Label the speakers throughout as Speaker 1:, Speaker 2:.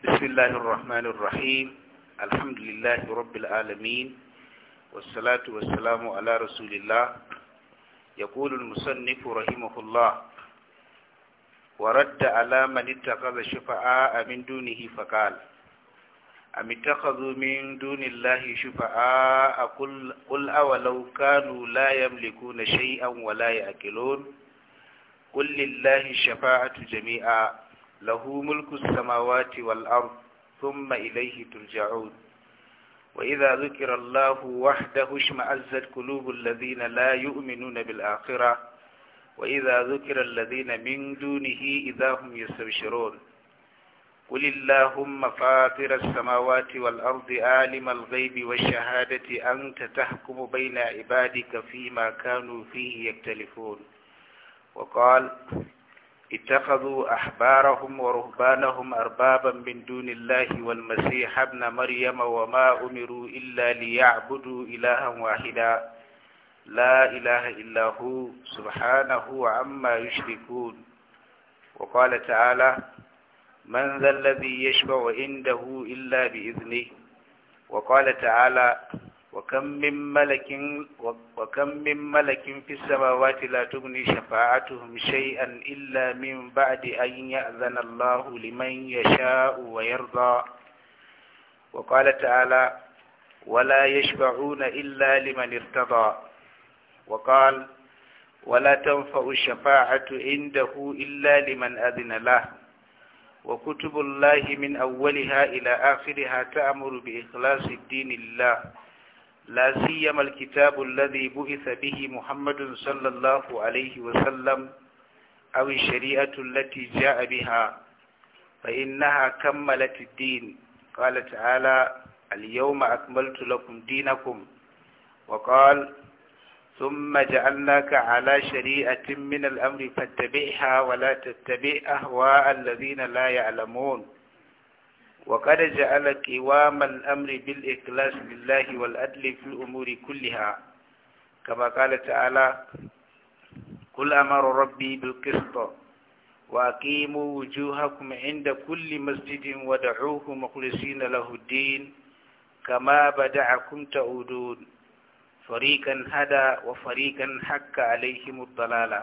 Speaker 1: بسم الله الرحمن الرحيم الحمد لله رب العالمين والصلاة والسلام على رسول الله يقول المصنف رحمه الله ورد على من اتخذ شفعاء من دونه فقال أم اتخذوا من دون الله شفعاء قل, قل أولو كانوا لا يملكون شيئا ولا يأكلون قل لله الشفاعة جميعا له ملك السماوات والأرض ثم إليه ترجعون وإذا ذكر الله وحده اشمأزت قلوب الذين لا يؤمنون بالآخرة وإذا ذكر الذين من دونه إذا هم يستبشرون قل اللهم فاطر السماوات والأرض عالم الغيب والشهادة أنت تحكم بين عبادك فيما كانوا فيه يختلفون وقال اتخذوا أحبارهم ورهبانهم أربابا من دون الله والمسيح ابن مريم وما أمروا إلا ليعبدوا إلها واحدا لا إله إلا هو سبحانه عما يشركون وقال تعالى من ذا الذي يشبع عنده إلا بإذنه وقال تعالى وكم من ملك وكم من ملك في السماوات لا تغني شفاعتهم شيئا إلا من بعد أن يأذن الله لمن يشاء ويرضى وقال تعالى ولا يشفعون إلا لمن ارتضى وقال ولا تنفع الشفاعة عنده إلا لمن أذن له وكتب الله من أولها إلى آخرها تأمر بإخلاص الدين الله لا سيما الكتاب الذي بعث به محمد صلى الله عليه وسلم أو الشريعة التي جاء بها فإنها كملت الدين قال تعالى اليوم أكملت لكم دينكم وقال ثم جعلناك على شريعة من الأمر فاتبعها ولا تتبع أهواء الذين لا يعلمون وقد جعل قوام الأمر بالإخلاص لله والأدل في الأمور كلها كما قال تعالى قل أمر ربي بالقسط وأقيموا وجوهكم عند كل مسجد ودعوه مخلصين له الدين كما بدعكم تعودون فريقا هدى وفريقا حق عليهم الضلاله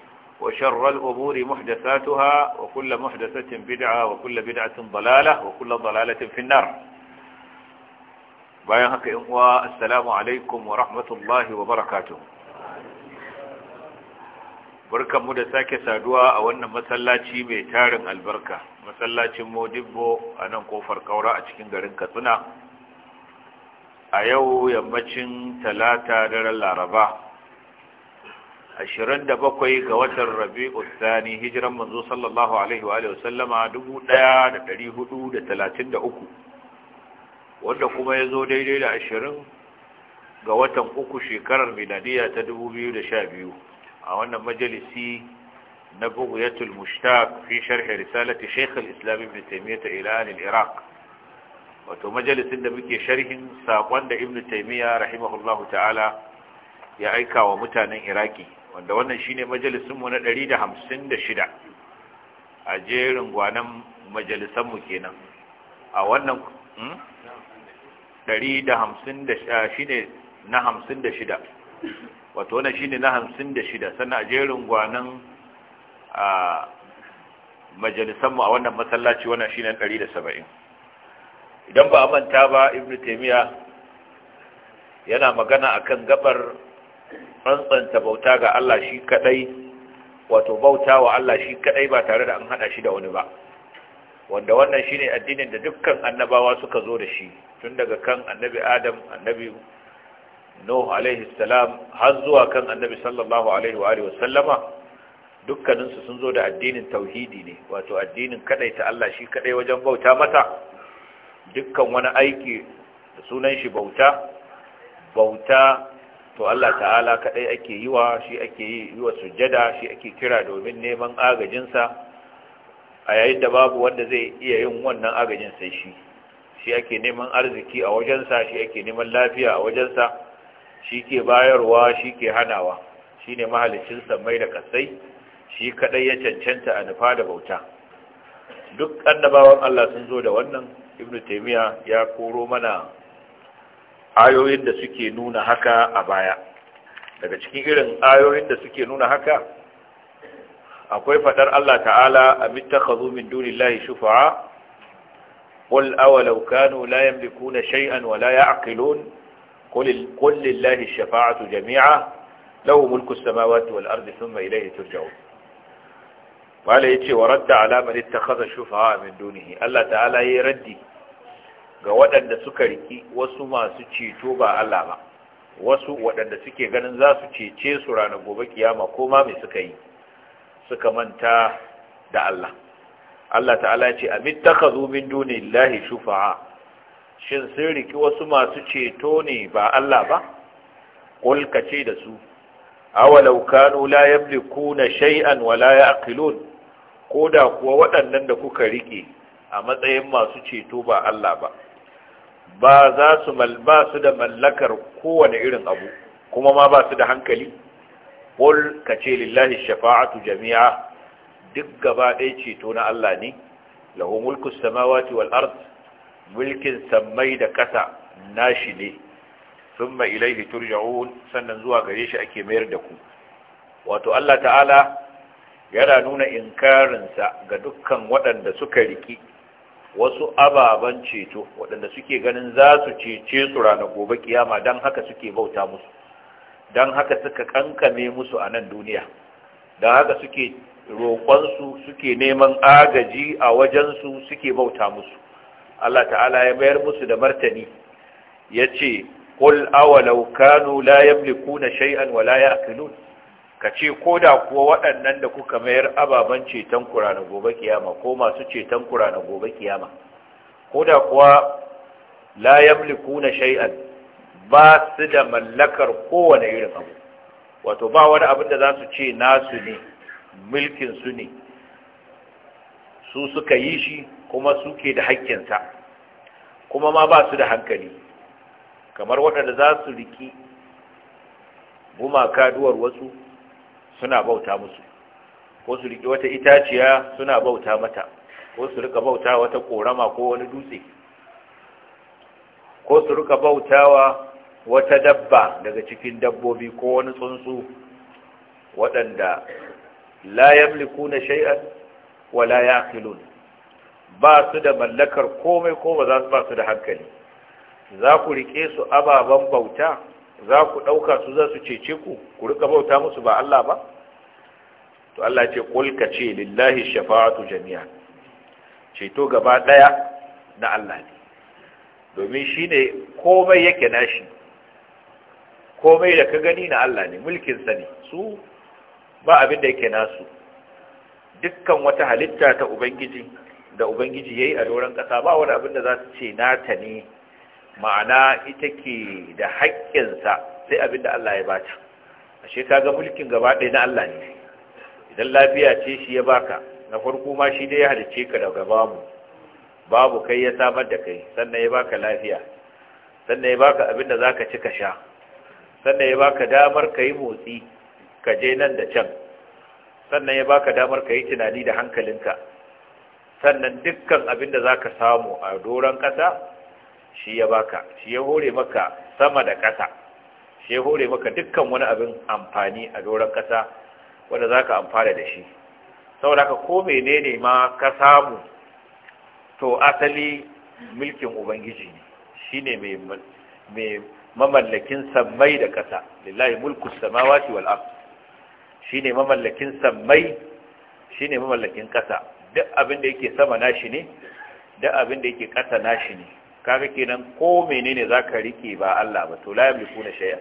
Speaker 2: وشر الأمور محدثاتها وكل محدثة بدعة وكل بدعة ضلالة وكل ضلالة في النار بايان هكا إخوة السلام عليكم ورحمة الله وبركاته بركة مدساكة سادوا أولنا مسلاتي بيتارن البركة مسلاتي مودبو أنا نقوفر كورا أتكين غرين كتنا أيو يمتشن ثلاثة در العربة ashirin da bakwai ga watan rabi'u thani hijiran manzo sallallahu alaihi wa alihi wasallama dubu ɗaya da ɗari hudu da talatin da uku wanda kuma ya zo daidai da ashirin ga watan uku shekarar miladiya ta dubu biyu da sha biyu a wannan majalisi na bughyatul mushtaq fi sharh risalati shaykh al-islam ibn taymiyyah ila al-iraq wato majalisin da muke sharhin sakon da ibn taymiyyah rahimahullahu ta'ala ya aika wa mutanen iraki wanda wannan shine majalisinmu na 156 a jerin gwanan majalisanmu kenan a wannan ɗari da hamsin da hmm? shine na hamsin da shida wato wannan shine na hamsin da shida sannan a jerin gwanan a majalisanmu a wannan masallaci wannan shine ɗari da saba'in idan ba a manta ba ibn taimiyya yana magana akan gabar tsantsanta bauta ga Allah shi kadai wato bauta wa Allah shi kadai ba tare da an hada shi da wani ba wanda wannan shine addinin da dukkan annabawa suka zo da shi tun daga kan annabi Adam annabi Nuh alaihi salam har zuwa kan annabi sallallahu alaihi wa alihi wasallama dukkaninsu sun zo da addinin tauhidi ne wato addinin kadai ta Allah shi kadai wajen bauta mata dukkan wani aiki da sunan shi bauta bauta to Allah ta'ala kadai ake yi wa shi ake yi wa sujjada shi ake kira domin neman agajinsa a yayin da babu wanda zai iya yin wannan agajin sai shi shi ake neman arziki a wajensa shi ake neman lafiya a wajensa shi ke bayarwa shi ke hanawa shi ne mahalicin mai da kasai shi kadai ya cancanta a nufa da bauta duk annabawan Allah sun zo da wannan ibnu taymiya ya koro mana ayoyin da suke nuna haka a baya daga cikin irin ayoyin da suke nuna haka akwai fadar Allah ta'ala amittakhadhu min dunillahi shufa'a qul awalau kanu la yamlikuna shay'an wa la ya'qilun qul lillahi ash-shafa'atu jami'a lahu mulku as-samawati wal ardi thumma ilayhi turja'un wala ya ce wa radda alamar ta a shufaha min dunihi Allah ta'ala ya raddi ga waɗanda suka riki wasu masu ceto ba Allah ba wasu waɗanda suke ganin za su cece su ranar gobe kiyama ko ma mai suka yi suka manta da Allah Allah ta'ala ce amit takazu min dunillahi shufa'a shin sun riki wasu masu ceto ne ba Allah ba qul kace da su awalau kanu la yamlikuna shay'an wa la ya'qilun koda kuwa waɗannan da kuka rike a matsayin masu ceto ba Allah ba ba za su ba su da mallakar kowane irin abu kuma ma ba su da hankali qul ka ce lillahi shafa'atu jami'a duk gaba ɗaya ceto na Allah ne lahu mulku samawati wal ard mulkin sammai da kasa nashi ne thumma ilayhi turja'un sannan zuwa gare shi ake mayar da ku wato Allah ta'ala yana nuna inkarinsa ga dukkan waɗanda suka riki wasu ababen ceto waɗanda suke ganin za su cece su rana gobe kiyama don haka suke bauta musu don haka suka kankame musu a nan duniya don haka suke roƙonsu suke neman agaji a wajensu suke bauta musu Allah ta'ala ya mayar musu da martani ya ce ƙul awalau kanu la yamlikuna shay'an wa la ya'qilun ka ce ko da kuwa waɗannan da kuka mayar ababen ceton kura na gobe kiyama ko masu ceton kura na gobe kiyama ko da kuwa la yamliku na shay'an ba su da mallakar kowane irin abu wato ba wani abin da za su ce nasu ne mulkin ne su suka yi shi kuma suke da haƙƙinsa kuma ma ba su da hankali kamar waɗanda za su riki gumaka duwar wasu suna bauta musu ko su riƙe wata itaciya suna bauta mata ko su riƙa bauta wata ƙorama ko wani dutse ko su riƙa bautawa wata dabba daga cikin dabbobi ko wani tsuntsu waɗanda la yamliku na shay'an wa la yaqilun ba su da mallakar komai ko ba za su ba su da hankali za ku rike su ababen bauta za ku ɗauka su za su cece ku ku rika bauta musu ba Allah ba to Allah ce kul ce lillahi shafa'atu jami'a ceto gaba daya na Allah ne domin shine komai yake nashi komai da ka gani na Allah ne mulkin sa ne su ba abin da yake nasu dukkan wata halitta ta ubangiji da ubangiji yayi a doron kasa ba wani abin da za su ce nata ne ma'ana ita ke da haƙƙinsa sai abin da Allah ya bata ashe kaga mulkin gaba ɗaya na Allah ne idan lafiya ce shi ya baka na farko ma shi dai ya halicce ka daga babu babu kai ya samar da kai sannan ya baka lafiya sannan ya baka abin da zaka ci ka sha sannan ya baka damar ka yi motsi ka je nan da can sannan ya baka damar ka yi tunani da hankalinka sannan dukkan abin da zaka samu a doron ƙasa shi ya baka shi ya hore maka sama da ƙasa shi ya hore maka dukkan wani abin amfani a doron ƙasa wanda za ka amfana da shi saboda ka ko menene ma ka samu to asali mulkin ubangiji ne shi ne mai mamallakin sammai da ƙasa lillahi mulku samawati wal ard shi ne mamallakin sammai shi ne mamallakin ƙasa duk abin da yake sama nashi ne duk abin da yake ƙasa nashi ne kaga kenan ko menene zaka rike ba Allah ba to la yamliku na shay'a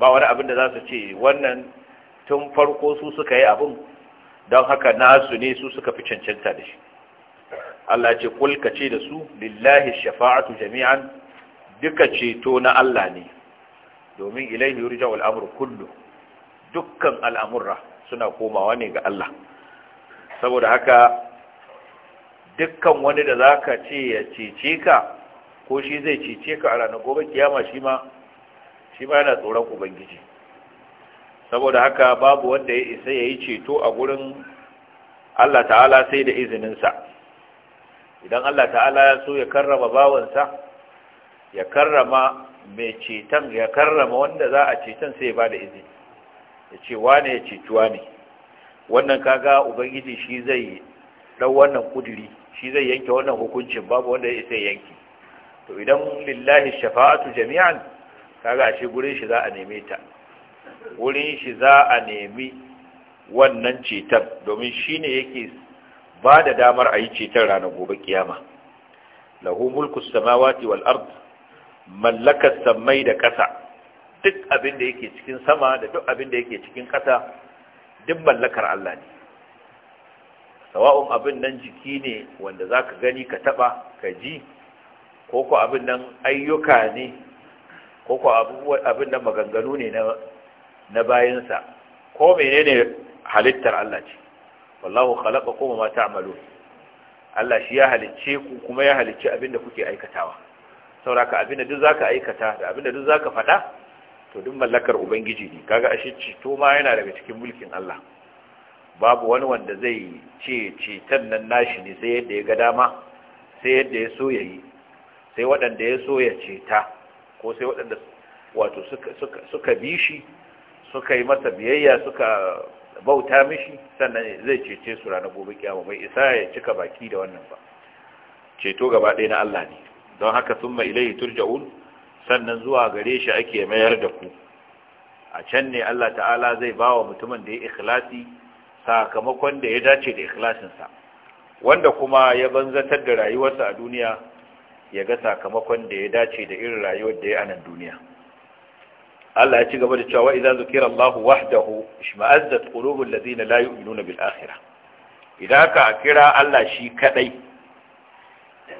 Speaker 2: ba wani abin da za su ce wannan tun farko su suka yi abin don haka nasu ne su suka fi cancanta da shi Allah ce kulka ce da su lillahi shafa'atu jami'an duka ceto na Allah ne domin ilaihi yurja amru kullu dukkan al'amurra suna komawa ne ga Allah saboda haka dukkan wani da zaka ce ya cece ka ko shi zai cece ka a ranar gobe kiyama shi ma shi ma yana tsoron ubangiji saboda haka babu wanda ya isa ya yi ceto a gurin Allah ta'ala sai da izininsa idan Allah ta'ala ya so ya karrama bawansa ya karrama mai ceton ya karrama wanda za a ceton sai ya ba da izini ya ce wane ya cetuwa wane wannan kaga ubangiji shi zai dau wannan kudiri shi zai yanke wannan hukuncin babu wanda ya isa yanke. to idan lillahi shafa'atu jami'an kaga ashe gurin shi za a neme ta wurin shi za a nemi wannan cetar domin shi ne yake ba da damar a yi cetar ranar gobe kiyama lahu mulku samawati wal mallakar samai da ƙasa duk abin da yake cikin sama da duk abin da yake cikin ƙasa duk mallakar Allah ne sawa'un abin nan jiki ne wanda za ka gani ka taba ka ji ko abin nan ayyuka ne ko abin nan maganganu ne na bayansa ko menene halittar Allah ce wallahu kuma ma ta'malu Allah shi ya halicce ku kuma ya halicce abinda kuke aikatawa sauraka abinda duk zaka aikata da abinda duk zaka fada? to duk mallakar ubangiji ne kaga ashe to ma yana daga cikin mulkin Allah babu wani wanda zai ce tan nan nashi ne sai yadda ya ga dama sai yadda ya so yayi sai waɗanda ya so ya ceta ko sai waɗanda wato suka suka suka bi shi suka yi masa biyayya suka bauta mishi sannan zai cece su ranar gobe kiyama bai isa ya cika baki da wannan ba ceto gaba ɗaya na Allah ne don haka sun summa ilaihi turja'un sannan zuwa gare shi ake mayar da ku a can ne Allah ta'ala zai ba wa mutumin da ya ikhlasi sakamakon da ya dace da ikhlasinsa wanda kuma ya banzatar da rayuwarsa a duniya ya ga sakamakon da ya dace da irin rayuwar da ya a nan duniya Allah ya ci gaba da cewa idza zukira Allah wahdahu ishma'azzat qulubul ladina la yu'minuna bil akhirah idan ka kira Allah shi kadai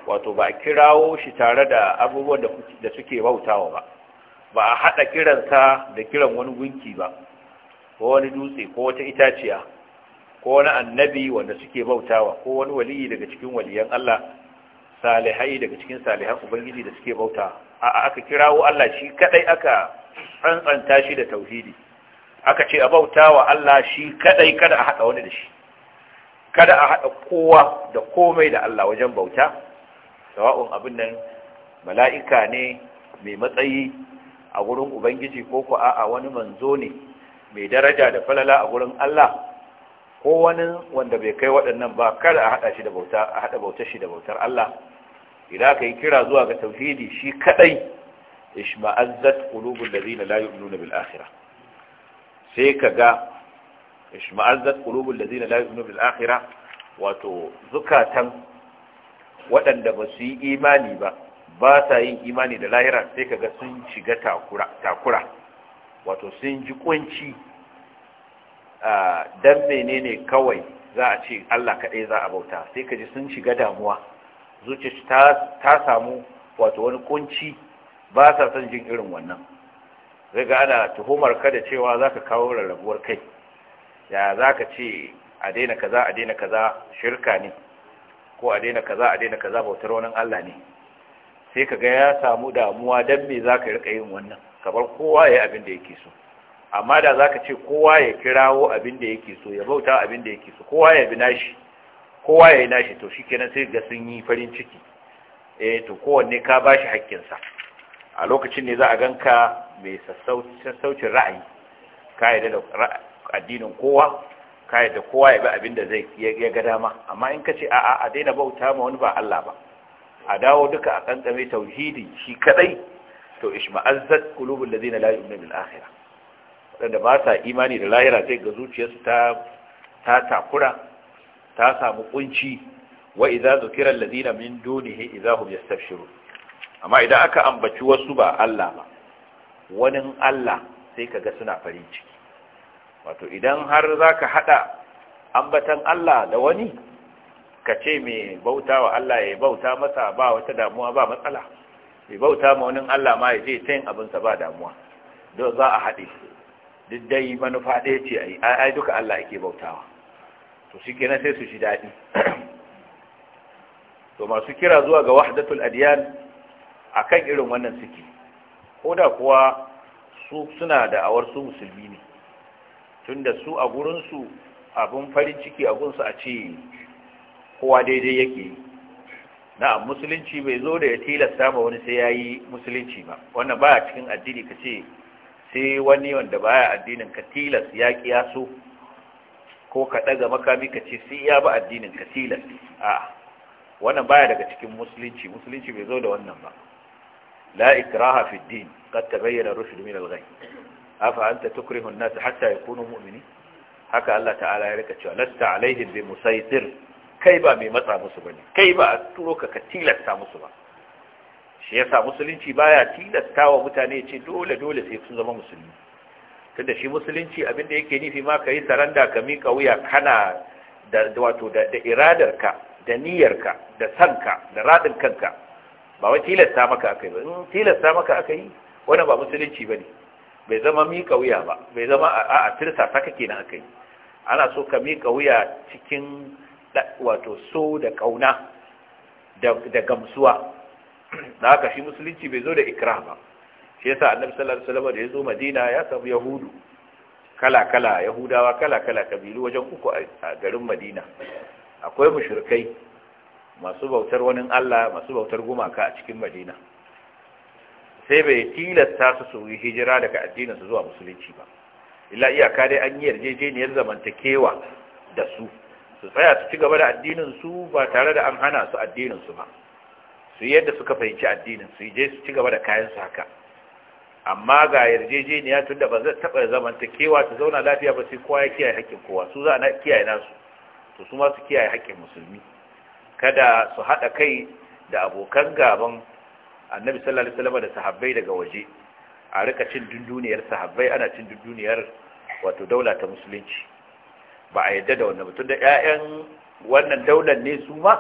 Speaker 2: wato ba kirawo shi tare da abubuwan da suke bautawa ba ba a hada kiransa da kiran wani gunki ba ko wani dutse ko wata itaciya ko wani annabi wanda suke bautawa ko wani waliyi daga cikin waliyan Allah salihai daga cikin salihan ubangiji da suke bauta a aka kirawo Allah shi kadai aka tsantsanta shi da tauhidi aka ce a bauta wa Allah shi kadai kada a haɗa wani da shi kada a haɗa kowa da komai da Allah wajen bauta sawa'un abin nan mala'ika ne mai matsayi a gurin ubangiji ko ku a'a wani manzo ne mai daraja da falala a gurin Allah ko wani wanda bai kai waɗannan ba kada a haɗa shi da bauta a haɗa bautar shi da bautar Allah idan ka yi kira zuwa ga tauhidi shi kadai ishma'azzat qulubul ladina la yu'minuna bil akhirah sai kaga ishma'azzat qulubul ladina la yu'minuna bil akhirah wato zukatan waɗanda ba su yi imani ba ba sa yin imani da lahira sai kaga sun shiga takura takura wato sun ji kunci dan menene kawai za a ce Allah kaɗai za a bauta sai kaji sun shiga damuwa zuciya ta samu wato wani kunci ba sa son jin irin wannan Sai ga ana tuhumar ka da cewa za ka kawo rarrabuwar kai ya za ka ce a daina kaza a daina kaza shirka ne ko a daina kaza a daina kaza bautar wani Allah ne sai ka ga ya samu damuwa don me za ka rika yin wannan kamar kowa ya abin da yake so amma da za ka ce kowa ya kirawo abin da yake so ya bauta abin da yake so kowa ya bi nashi kowa ya yi nashi to shi kenan sai ga sun yi farin ciki eh to kowanne ka ba shi haƙƙinsa a lokacin ne za a ganka mai sassaucin ra'ayi ka yi da addinin kowa ka da kowa ya bi abin da zai ya ga dama amma in ka ce a'a a daina bauta ma wani ba Allah ba a dawo duka a kankame tauhidi shi kaɗai to ishma'azzat kulubun da zina yu'minuna bil akhirah wanda ba sa imani da lahira sai ga zuciyarsu ta ta takura ta samu kunci wa idza zukira alladhina min dunihi idza hum yastabshirun amma idan aka ambaci wasu ba Allah ba wani Allah sai kaga suna farin ciki wato idan har zaka haɗa ambatan Allah da wani ka ce mai bauta wa Allah ya bauta masa ba wata damuwa ba matsala mai bauta ma wani Allah ma ya je ta yin abinsa ba damuwa don za a haɗe duk dai manufa ɗaya ce ai duka Allah ake bautawa to shi kenan sai su shi daɗi to masu kira zuwa ga wahdatul adiyan akan irin wannan suke ko da kuwa su suna da awar su musulmi ne tunda su a gurinsu abin farin ciki a gunsu a ce kowa daidai yake na musulunci bai zo da ya tilasta ma wani sai ya yi musulunci ba wannan baya cikin addini ka ce sai wani wanda baya addinin ka tilas ya kiyaso ko ka ɗaga makami ka ce sai ya ba addinin ka tilas a wannan baya daga cikin musulunci musulunci bai zo da wannan ba
Speaker 1: la ikraha
Speaker 2: fi din qad tabayyana rushd min al-ghayb afa anta tukrihu an-nas hatta yakunu mu'minin haka Allah ta'ala ya rika cewa lasta alaihim bi musaitir kai ba mai matsa musu ba ne, kai ba a turo ka ka tilasta musu ba shi yasa musulunci baya tilasta wa mutane ya ce dole dole sai sun zama musulmi Kada shi musulunci abin da yake nufi ma kayi saranda ka mika wuya kana wato da, da iradarka da niyyarka da sanka da raɗin kanka ba wai tilasta maka yi ba tilasta maka yi wani ba musulunci ba ne. bai zama mika wuya ba bai zama a a tirsa ta kake aka akai ana so ka mika wuya cikin wato so da kauna da gamsuwa da haka shi musulunci bai zo da ikra ba shi yasa annabi sallallahu alaihi wasallam da ya zo madina ya samu yahudu kala kala yahudawa kala kala kabilu wajen uku a garin madina akwai mushrikai masu bautar wani Allah masu bautar gumaka a cikin madina sai bai tilasta su su yi hijira daga addininsu zuwa musulunci ba illa iyaka dai an yi yarjejeniyar zamantakewa da su su tsaya su ci gaba da addininsu ba tare da an hana su addininsu ba su yadda suka fahimci addinin su je su ci gaba da kayan su haka amma ga yarjejeniya tunda da ba zai taɓa zamantakewa su zauna lafiya ba sai kowa ya kiyaye haƙƙin kowa su za a kiyaye nasu to su ma su kiyaye haƙƙin musulmi kada su haɗa kai da abokan gaban annabi sallallahu alaihi wasallam da sahabbai daga waje a rika cin dunduniyar sahabbai ana cin dunduniyar wato daula ta musulunci ba a yadda da wannan mutum da ƴaƴan wannan daular ne su ma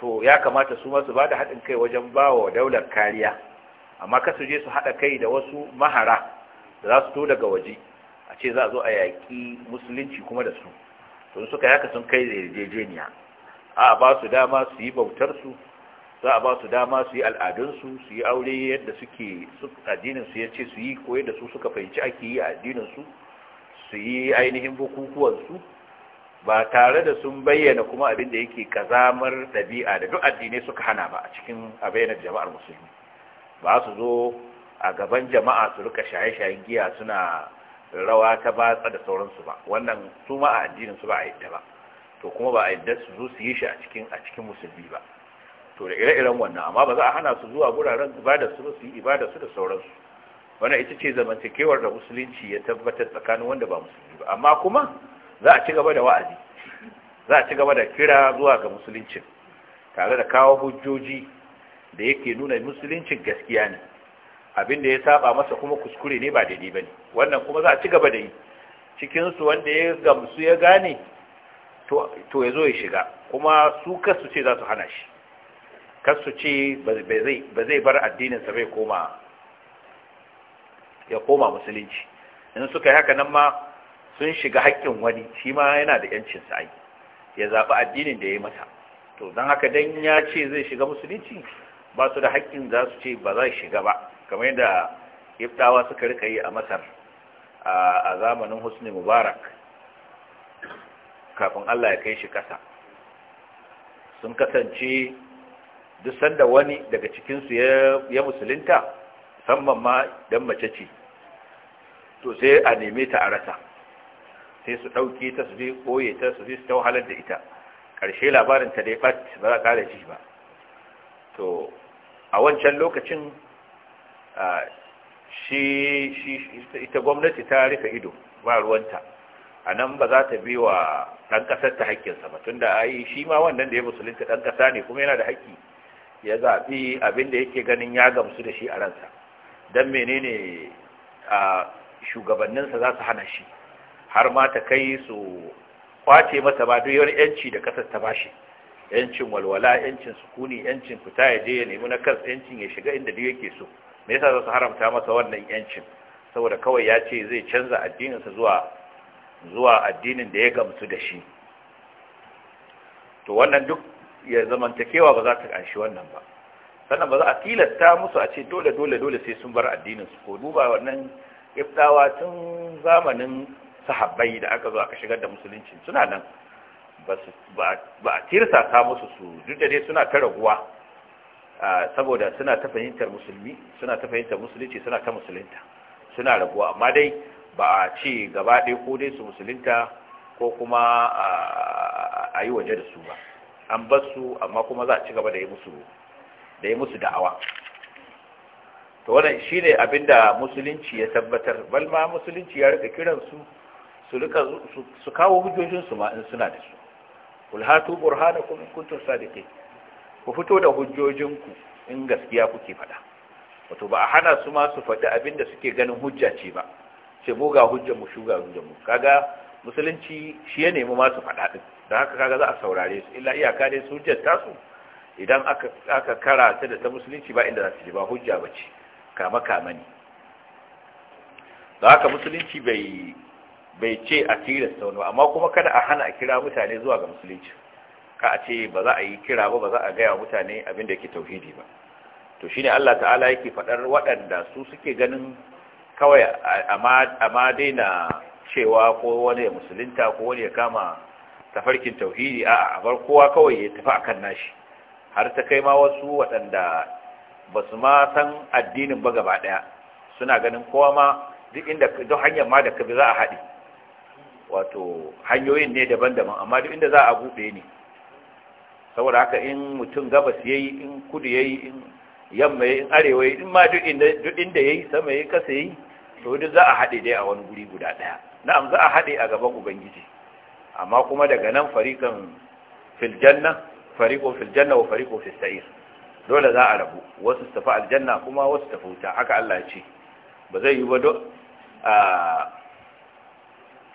Speaker 2: to ya kamata su ma su bada haɗin kai wajen bawa daular kariya amma kasu je su haɗa kai da wasu mahara da za su to daga waje a ce za a zo a yaƙi musulunci kuma da su to suka yaka sun kai da yarjejeniya a ba su dama su yi su, za a ba su dama su yi al'adunsu su yi aure yadda suke addininsu ya ce su yi ko yadda su suka fahimci ake yi a addininsu su yi ainihin bukukuwansu ba tare da sun bayyana kuma abin da yake kazamar ɗabi'a da duk addinai suka hana ba a cikin abayanar jama'ar musulmi ba su zo a gaban jama'a su rika shaye-shayen giya suna rawa ta batsa da sauransu ba wannan su ma a addinin su ba a yadda ba to kuma ba a yadda su zo su yi shi a cikin a cikin musulmi ba to da ire-iren wannan amma ba za a hana su zuwa guraren ibada su su yi ibada su da sauransu wanda ita ce zamantakewar da musulunci ya tabbatar tsakanin wanda ba musulmi ba amma kuma za a ci gaba da wa'azi za a ci gaba da kira zuwa ga musuluncin tare da kawo hujjoji da yake nuna musuluncin gaskiya ne abin da ya saba masa kuma kuskure ne ba daidai ba ne wannan kuma za a ci gaba da yi cikinsu wanda ya gamsu ya gane to ya zo ya shiga kuma su kasu ce za su hana shi kasu ce ba zai bar addininsa bai koma ya koma musulunci in suka yi haka nan ma sun shiga haƙƙin wani shi ma yana da ‘yancin sa'ai ya zaɓi addinin da ya yi mata to don haka dan ya ce zai shiga musulunci ba su da haƙƙin za su ce ba za shiga ba kamar yadda iftawa suka rika yi a masar a zamanin husni mubarak kafin Allah ya kai shi kasa sun kasance duk sanda wani daga cikinsu ya musulunta samman ma dan mace ce to sai a neme ta a rasa sai su ɗauke ta su je koye ta su je su tauhalar da ita ƙarshe labarin ta dai ɓat ba za a ƙara ba to a wancan lokacin shi ita gwamnati ta rika ido ba ruwanta a nan ba za ta bi wa ɗan ƙasar ta haƙƙinsa ba tun da yi shi ma wannan da ya musulunta ɗan ƙasa ne kuma yana da haƙƙi ya zaɓi abin da yake ganin ya gamsu da shi a ransa don menene a shugabanninsa za su hana shi har ma ta kai su kwace masa ba duk wani yanci da ƙasar ta bashi yancin walwala yancin sukuni yancin fita ya je ya nemi na kansa yancin ya shiga inda duk yake so me yasa za su haramta masa wannan yancin saboda kawai ya ce zai canza addininsa zuwa zuwa addinin da ya gamsu da shi to wannan duk ya zamantakewa ba za ta ƙanshi wannan ba sannan ba za a tilasta musu a ce dole dole dole sai sun bar addinin su ko duba wannan ibdawa tun zamanin sahabbai da aka zo aka shigar da musulunci suna nan ba a tirsa ta musu su duk da dai suna ta raguwa saboda suna ta fahimtar musulmi suna ta fahimtar musulunci suna ta musulunta suna raguwa amma dai ba a ce gaba ɗaya ko dai su musulunta ko kuma a yi waje da su ba an bar su amma kuma za a ci gaba da yi musu da yi musu da'awa to wannan shine abinda musulunci ya tabbatar bal ma musulunci ya rika kiran su su rika su kawo hujjojinsu su ma in suna da su kul hatu burhanakum in kuntum sadiqin ku fito da hujjojinku ku in gaskiya kuke faɗa wato ba a hana su ma su faɗi abinda suke ganin hujja ce ba ce mu ga hujjar mu shuga hujjar mu kaga musulunci shi ya nemi masu faɗa din dan haka kaga za a saurare su illa iyaka dai su hujjar tasu idan aka aka karata da ta musulunci ba inda za su je ba hujja bace kama kama ne da haka musulunci bai bai ce a tilasta wani amma kuma kada a hana a kira mutane zuwa ga musulunci ka a ce ba za a yi kira ba ba za a gaya mutane abin da yake tauhidi ba to shine Allah ta'ala yake faɗar waɗanda su suke ganin kawai ma daina cewa ko wani ya musulunta ko wani ya kama tafarkin tauhidi a bar kowa kawai ya tafi a kan nashi har ta kai ma wasu waɗanda ba su ma san addinin ba gaba ɗaya suna ganin kowa ma duk inda don hanyar ma da kabi za a haɗi wato hanyoyin ne daban-daban amma duk inda za a buɗe ne saboda haka in mutum gabas yayi in kudu yayi in yamma ya in arewa ya in ma duk inda ya yi yayi sama yi kasa yi. to duk za a haɗe dai a wani guri guda ɗaya na'am za a haɗe a gaban ubangiji amma kuma daga nan farikan filjanna fariko filjanna wa fariko fis dole za a rabu wasu tafi aljanna kuma wasu tafi wuta haka Allah ya ce ba zai yi ba do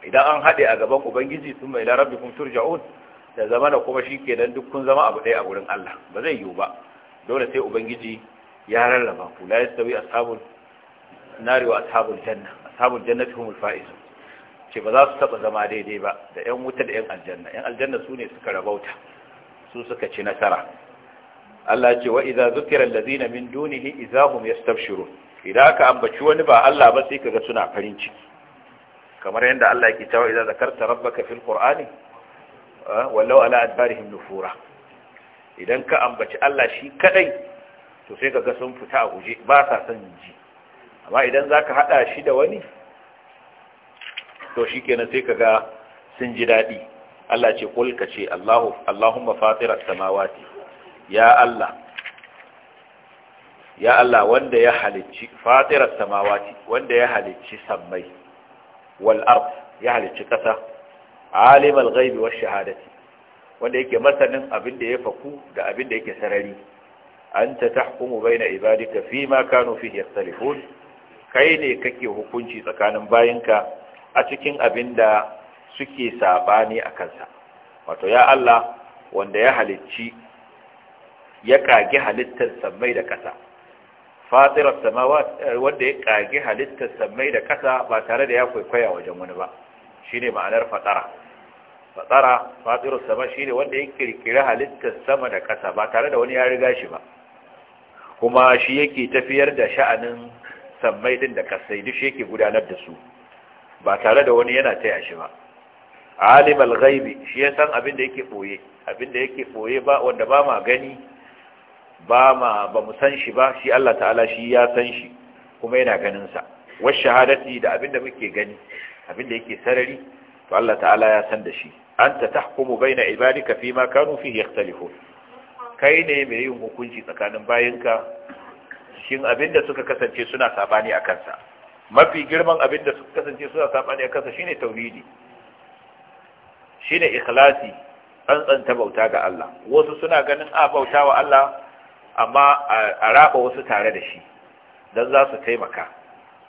Speaker 2: idan an haɗe a gaban ubangiji sun mai larabbi kun turja'un da zamana kuma shi kenan duk kun zama abu ɗaya a wurin Allah ba zai yiwu ba dole sai ubangiji ya rarraba ku la yastawi ashabul nari wa ashabul janna ashabul jannati humul faizun ce ba za su taba zama daidai ba da yan wuta da yan aljanna Ƴan aljanna su ne suka rabauta su suka ci nasara Allah ce wa idza zukira allazina min dunihi idahum yastabshirun idan ka ambaci wani ba Allah ba sai kaga suna farin ciki kamar yadda Allah yake cewa idza zakarta rabbaka fil qur'ani wallau ala adbarihim nufura idan ka ambaci Allah shi kadai to sai kaga sun fita a guje ba sa son ji amma idan za ka haɗa shi da wani to shi kenan sai ka ga sun ji daɗi Allah ce kulka ce Allahumma fatirar samawati ya Allah ya Allah wanda ya halicci fatirar samawati wanda ya halicci sammai wal ard ya halicci ƙasa alimul ghaibi wash shahadati wanda yake masanin abin da ya faku da abin da yake sarari anta tahkumu baina ibadika fima kanu fihi yahtalifun kai ne kake hukunci tsakanin bayinka a cikin abin da suke sabani a kansa wato ya Allah wanda ya halicci ya kage halittar samai da ƙasa fatirar samawa eh, wanda ya kage halittar samai da ƙasa ba tare da ya kwaikwaya wajen wani ba shine ma'anar fatara fatara fatirar sama shine wanda ya kirkiri halittar sama da ƙasa ba tare da wani ya riga shi ba kuma shi yake tafiyar da sha'anin sammai din da kasai duk shi yake gudanar da su ba tare da wani yana taya shi ba alimul ghaibi shi ya san abin da yake boye abin da yake boye ba wanda ba ma gani ba ma ba mu san shi ba shi Allah ta'ala shi ya san shi kuma yana ganin sa wa shahadati da abin da muke gani abin da yake sarari to Allah ta'ala ya san da shi anta tahkumu baina ibadika fima kanu fihi yakhtalifu kai ne mai yin hukunci tsakanin bayinka cikin abin da suka kasance suna sabani a kansa mafi girman abin da suka kasance suna sabani a kansa shine tauhidi shine ikhlasi tsantsanta bauta ga Allah wasu suna ganin a bauta wa Allah amma a raba wasu tare da shi don za su taimaka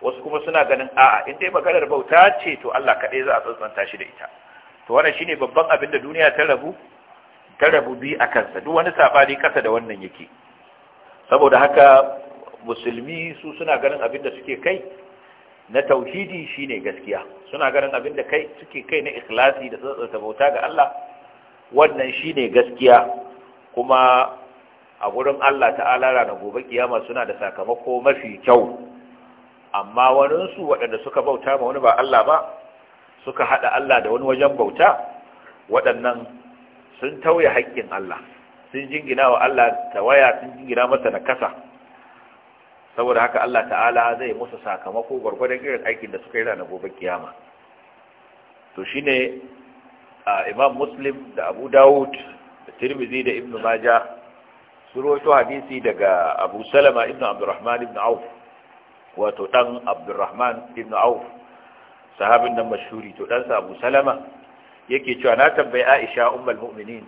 Speaker 2: wasu kuma suna ganin a'a in dai maganar bauta ce to Allah kaɗai za a tsantsanta shi da ita to wannan shine babban abin da duniya ta rabu ta rabu bi a kansa duk wani sabani kasa da wannan yake saboda haka musulmi su suna ganin abin da suke kai na tauhidi shine gaskiya suna ganin abin da kai suke kai na ikhlasi da tsantsanta bauta ga Allah wannan shine gaskiya kuma a gurin Allah ta'ala ranar gobe kiyama suna da sakamako mafi kyau amma waninsu waɗanda suka bauta ma wani ba Allah ba suka haɗa Allah da wani wajen bauta waɗannan sun tauye haƙƙin Allah sun jingina wa Allah tawaya sun jingina masa na kasa saboda haka Allah ta'ala zai musu sakamako gwargwadon irin aikin da suka yi ranar gobe kiyama to shine imam muslim da abu dawud da tirmidhi da ibnu maja su hadisi daga abu salama ibnu abdurrahman Ibn auf wato dan abdurrahman Ibn auf sahabin nan mashhuri to dan sa abu salama yake cewa na tambayi aisha ummul mu'minin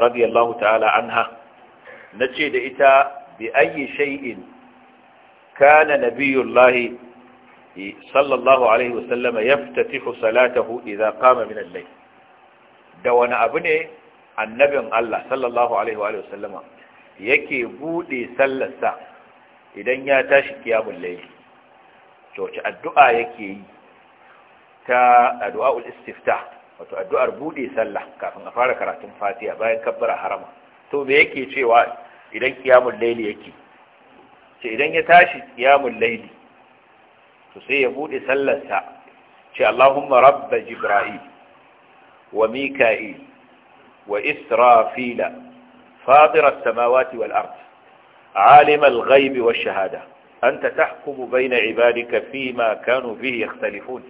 Speaker 2: radiyallahu ta'ala anha nace da ita bi ayi shay'in kana nabiyullahi sallallahu alaihi wasallama yaftatihu salatahu idza qama min al-layl da wani abu ne annabin Allah sallallahu alaihi wasallama yake bude sallarsa idan ya tashi kiyamul layl to wace addu'a yake yi ta addu'aul istiftah wato addu'ar buɗe sallah kafin a fara karatun fatiha bayan kabbara harama to me yake cewa idan kiyamul layl yake ce idan ya tashi qiyamul layli to sai ya bude sallarsa ce Allahumma rabb jibril wa mika'il wa israfila fatir as-samawati wal ard عالم الغيب والشهادة أنت تحكم بين عبادك فيما كانوا فيه يختلفون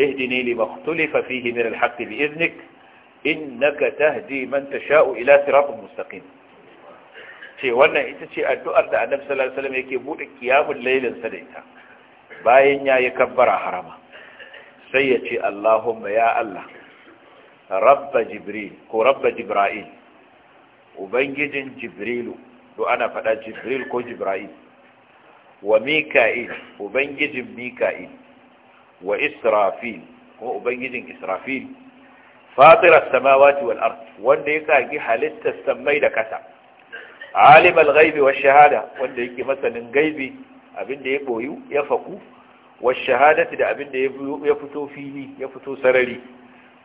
Speaker 2: اهدني لما اختلف فيه من الحق بإذنك إنك تهدي من تشاء إلى صراط مستقيم ce wannan ita ce addu'ar da annabi sallallahu alaihi wasallam yake buɗe kiyamun lailin da ita bayan yayi kabbara harama sai ya ce Allahumma ya Allah rabba jibril ko rabba jibril ubangijin jibrilu do ana faɗa jibril ko jibril wa mika'il ubangijin mika'il wa israfil ko ubangijin israfil fatira samawati wal wanda ya kagi halittar samai da kasa alimul ghaibi wash shahada wanda yake masanin gaibi abinda ya boyu ya faku wash shahadati da abinda ya fito fili ya fito sarari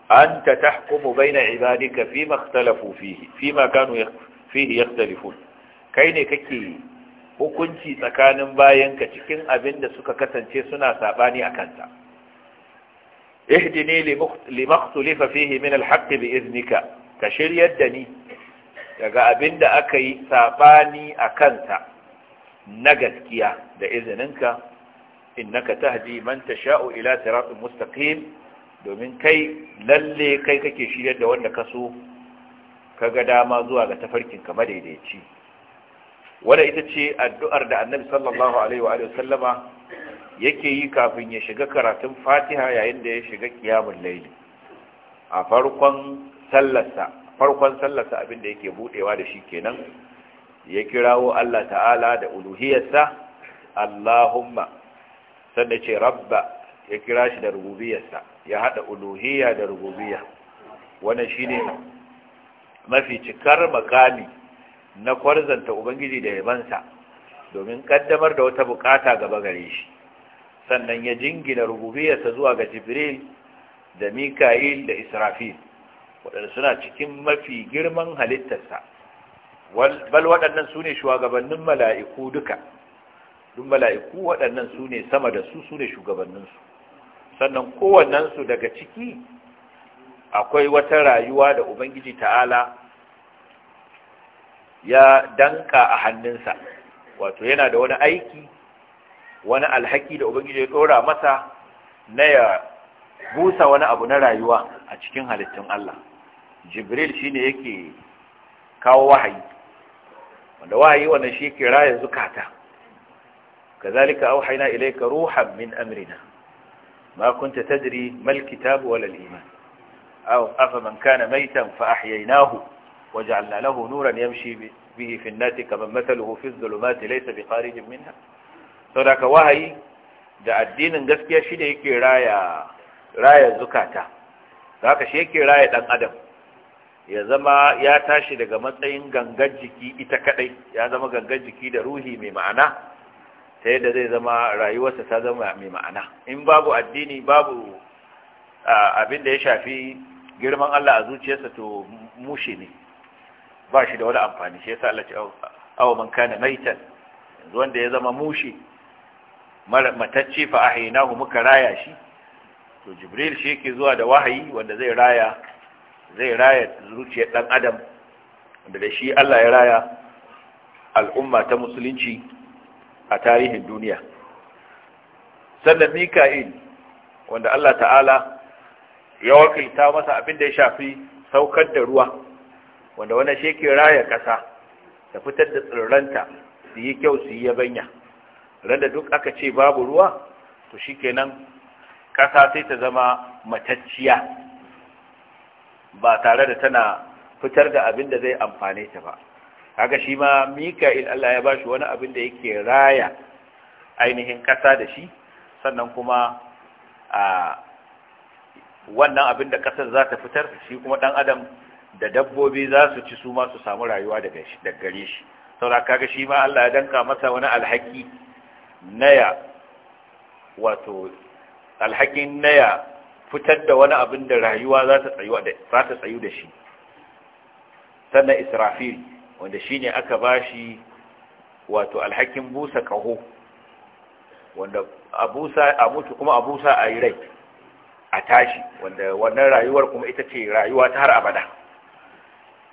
Speaker 2: anta tahkumu baina ibadika fima ikhtalafu fihi fima kanu fihi yakhtalifun kai ne kake hukunci tsakanin bayanka cikin abinda suka kasance suna sabani akan ta ihdini li makhtalifa fihi min al-haqq bi iznika ka shiryar da ni daga abin da aka yi saɓani a kanta na gaskiya da izininka ta haji man sha'o ila siratin mustaqim domin kai lalle kai kake shiryar da wanda ka so kaga dama zuwa ga tafarkin ka madaidaici ita ce addu'ar da Annabi sallallahu alaihi wa sallama yake yi kafin ya shiga karatun Fatiha yayin da ya shiga kiyamun laili a farkon sallarsa farkon sallarsa abin da yake budewa da shi kenan ya kirawo Allah ta'ala da uluhiyarsa Allahumma sannan ce rabba ya kira shi da rububiyarsa ya hada uluhiyya da rububiyya wannan shine mafi cikar makami na kwarzanta ubangiji da yabansa domin kaddamar da wata bukata gaba gare shi sannan ya jingina rububiyarsa zuwa ga jibril da mika'il da israfil waɗanda suna cikin mafi girman halittarsa bal waɗannan su ne shugabannin mala'iku duka duk mala'iku waɗannan su ne sama da su su ne shugabanninsu sannan kowannensu daga ciki akwai wata rayuwa da ubangiji ta'ala ya danka a hannunsa wato yana da wani aiki wani alhaki da ubangiji ya ɗora masa na ya busa wani abu na rayuwa a cikin halittun Allah jibril shine yake kawo wahayi wanda wahayi wannan shi ke raya zukata kazalika auhayna ilayka ruhan min amrina ma kunta tadri mal kitabu wal iman aw afa man kana maytan fa ahyaynahu waj'alna lahu nuran yamshi bihi fi an-nasi kaman mathaluhu fi adh-dhulumati laysa biqarijin minha saboda wahayi da addinin gaskiya shi da yake raya raya zukata haka shi yake raya dan adam ya zama ya tashi daga matsayin gangan jiki ita kadai ya zama gangan jiki da ruhi mai ma'ana ta yadda zai zama rayuwarsa ta zama mai ma'ana in babu addini babu abin da ya shafi girman Allah a zuciyarsa to mushe ne ba shi da wani amfani shi yasa Allah ce awa man kana maitan yanzu wanda ya zama mushe matacce fa ahinahu muka raya shi to jibril shi yake zuwa da wahayi wanda zai raya zai raya zuciyar dan adam wanda da shi Allah ya raya al'umma ta musulunci a tarihin duniya sannan mika'il wanda Allah ta'ala ya wakilta masa abin da ya shafi saukar da ruwa wanda wani shi yake raya kasa ta fitar da tsirranta su yi kyau su yi yabanya randa duk aka ce babu ruwa to shikenan kasa sai ta zama matacciya ba tare da tana fitar da abin da zai amfane ta ba haka shi ma mika'il Allah ya bashi wani abin da yake raya ainihin kasa da shi sannan kuma a wannan abin da ƙasar za ta fitar shi kuma ɗan adam da dabbobi za su ci su ma su samu rayuwa daga gare shi saura kaga shi ma Allah ya danka masa wani alhaki na wato alhakin naya fitar da wani abin da rayuwa za ta tsayu da shi sannan israfil wanda shi ne aka ba shi wato alhakin busa kaho wanda a mutu kuma a busa a yi rai a tashi wanda wannan rayuwar kuma ita ce rayuwa ta har abada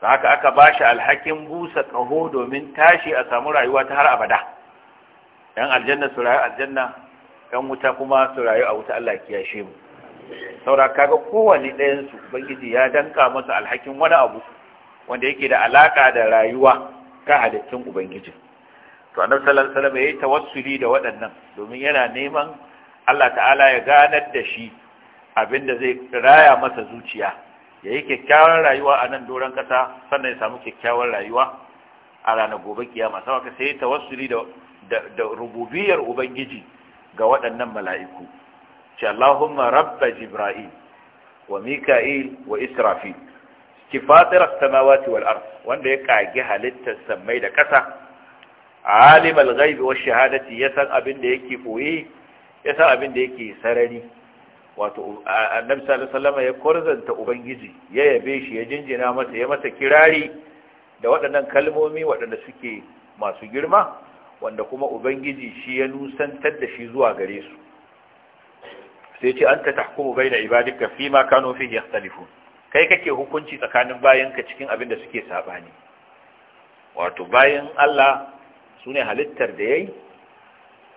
Speaker 2: da haka aka ba shi alhakin busa kaho domin tashi a samu rayuwa ta har abada yan aljanna su rayu aljanna yan wuta kuma su rayu a wuta Allah ya shi mu saura kaga kowane ɗayan su ubangiji ya danka masa alhakin wani abu wanda yake da alaka da rayuwa ka halittun ubangiji to annabi sallallahu salama ya yayi tawassuli da waɗannan domin yana neman Allah ta'ala ya ganar da shi abinda zai raya masa zuciya ya yi kyakkyawan rayuwa a nan doron ƙasa, sannan ya samu kyakkyawan rayuwa a ranar gobe kiyama ka sai tawassuli da da rububiyar ubangiji ga waɗannan mala'iku ce Allahumma rabba Jibra'il wa Mika'il wa Israfil ki fatirar samawati wal ard wanda ya kage halittar sammai da ƙasa alimul ghaibi wash shahadati ya san abin da yake koyi ya san abin da yake sarari wato annabi sallallahu alaihi ya korzanta ubangiji ya yabe shi ya jinjina masa ya masa kirari da waɗannan kalmomi waɗanda suke masu girma wanda kuma ubangiji shi ya nusantar da shi zuwa gare su sai ce ta tahkumu baina ibadika fima kanu fihi yakhtalifun kai kake hukunci tsakanin bayanka cikin abin da suke sabani wato bayan Allah sune halittar da yayi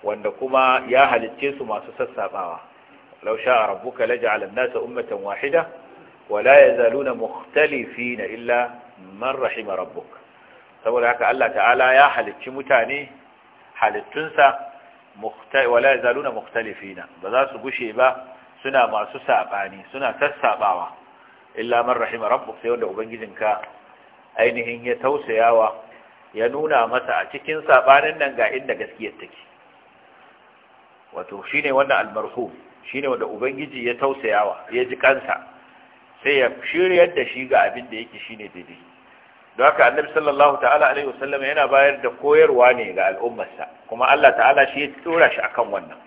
Speaker 2: wanda kuma ya halicce su masu sassabawa law sha'a rabbuka laj'ala an-nasa ummatan wahida wala la yazaluna mukhtalifina illa man rahima rabbuk saboda haka Allah ta'ala ya halicci mutane halittunsa wala zaluna mukhtalifina ba za su gushe ba suna masu sabani suna sassabawa illa man rahima rabbuk sai wanda ubangijinka ainihin ya tausayawa ya nuna masa a cikin sabanin nan ga inda gaskiyar take wato shine wanda almarhum shine wanda ubangiji ya tausayawa ya ji kansa sai ya shiryar da shi ga abin da yake shine daidai don haka annabi sallallahu ta'ala alaihi wasallam yana bayar da koyarwa ne ga al'ummarsa kuma Allah ta'ala shi ya tsora shi akan wannan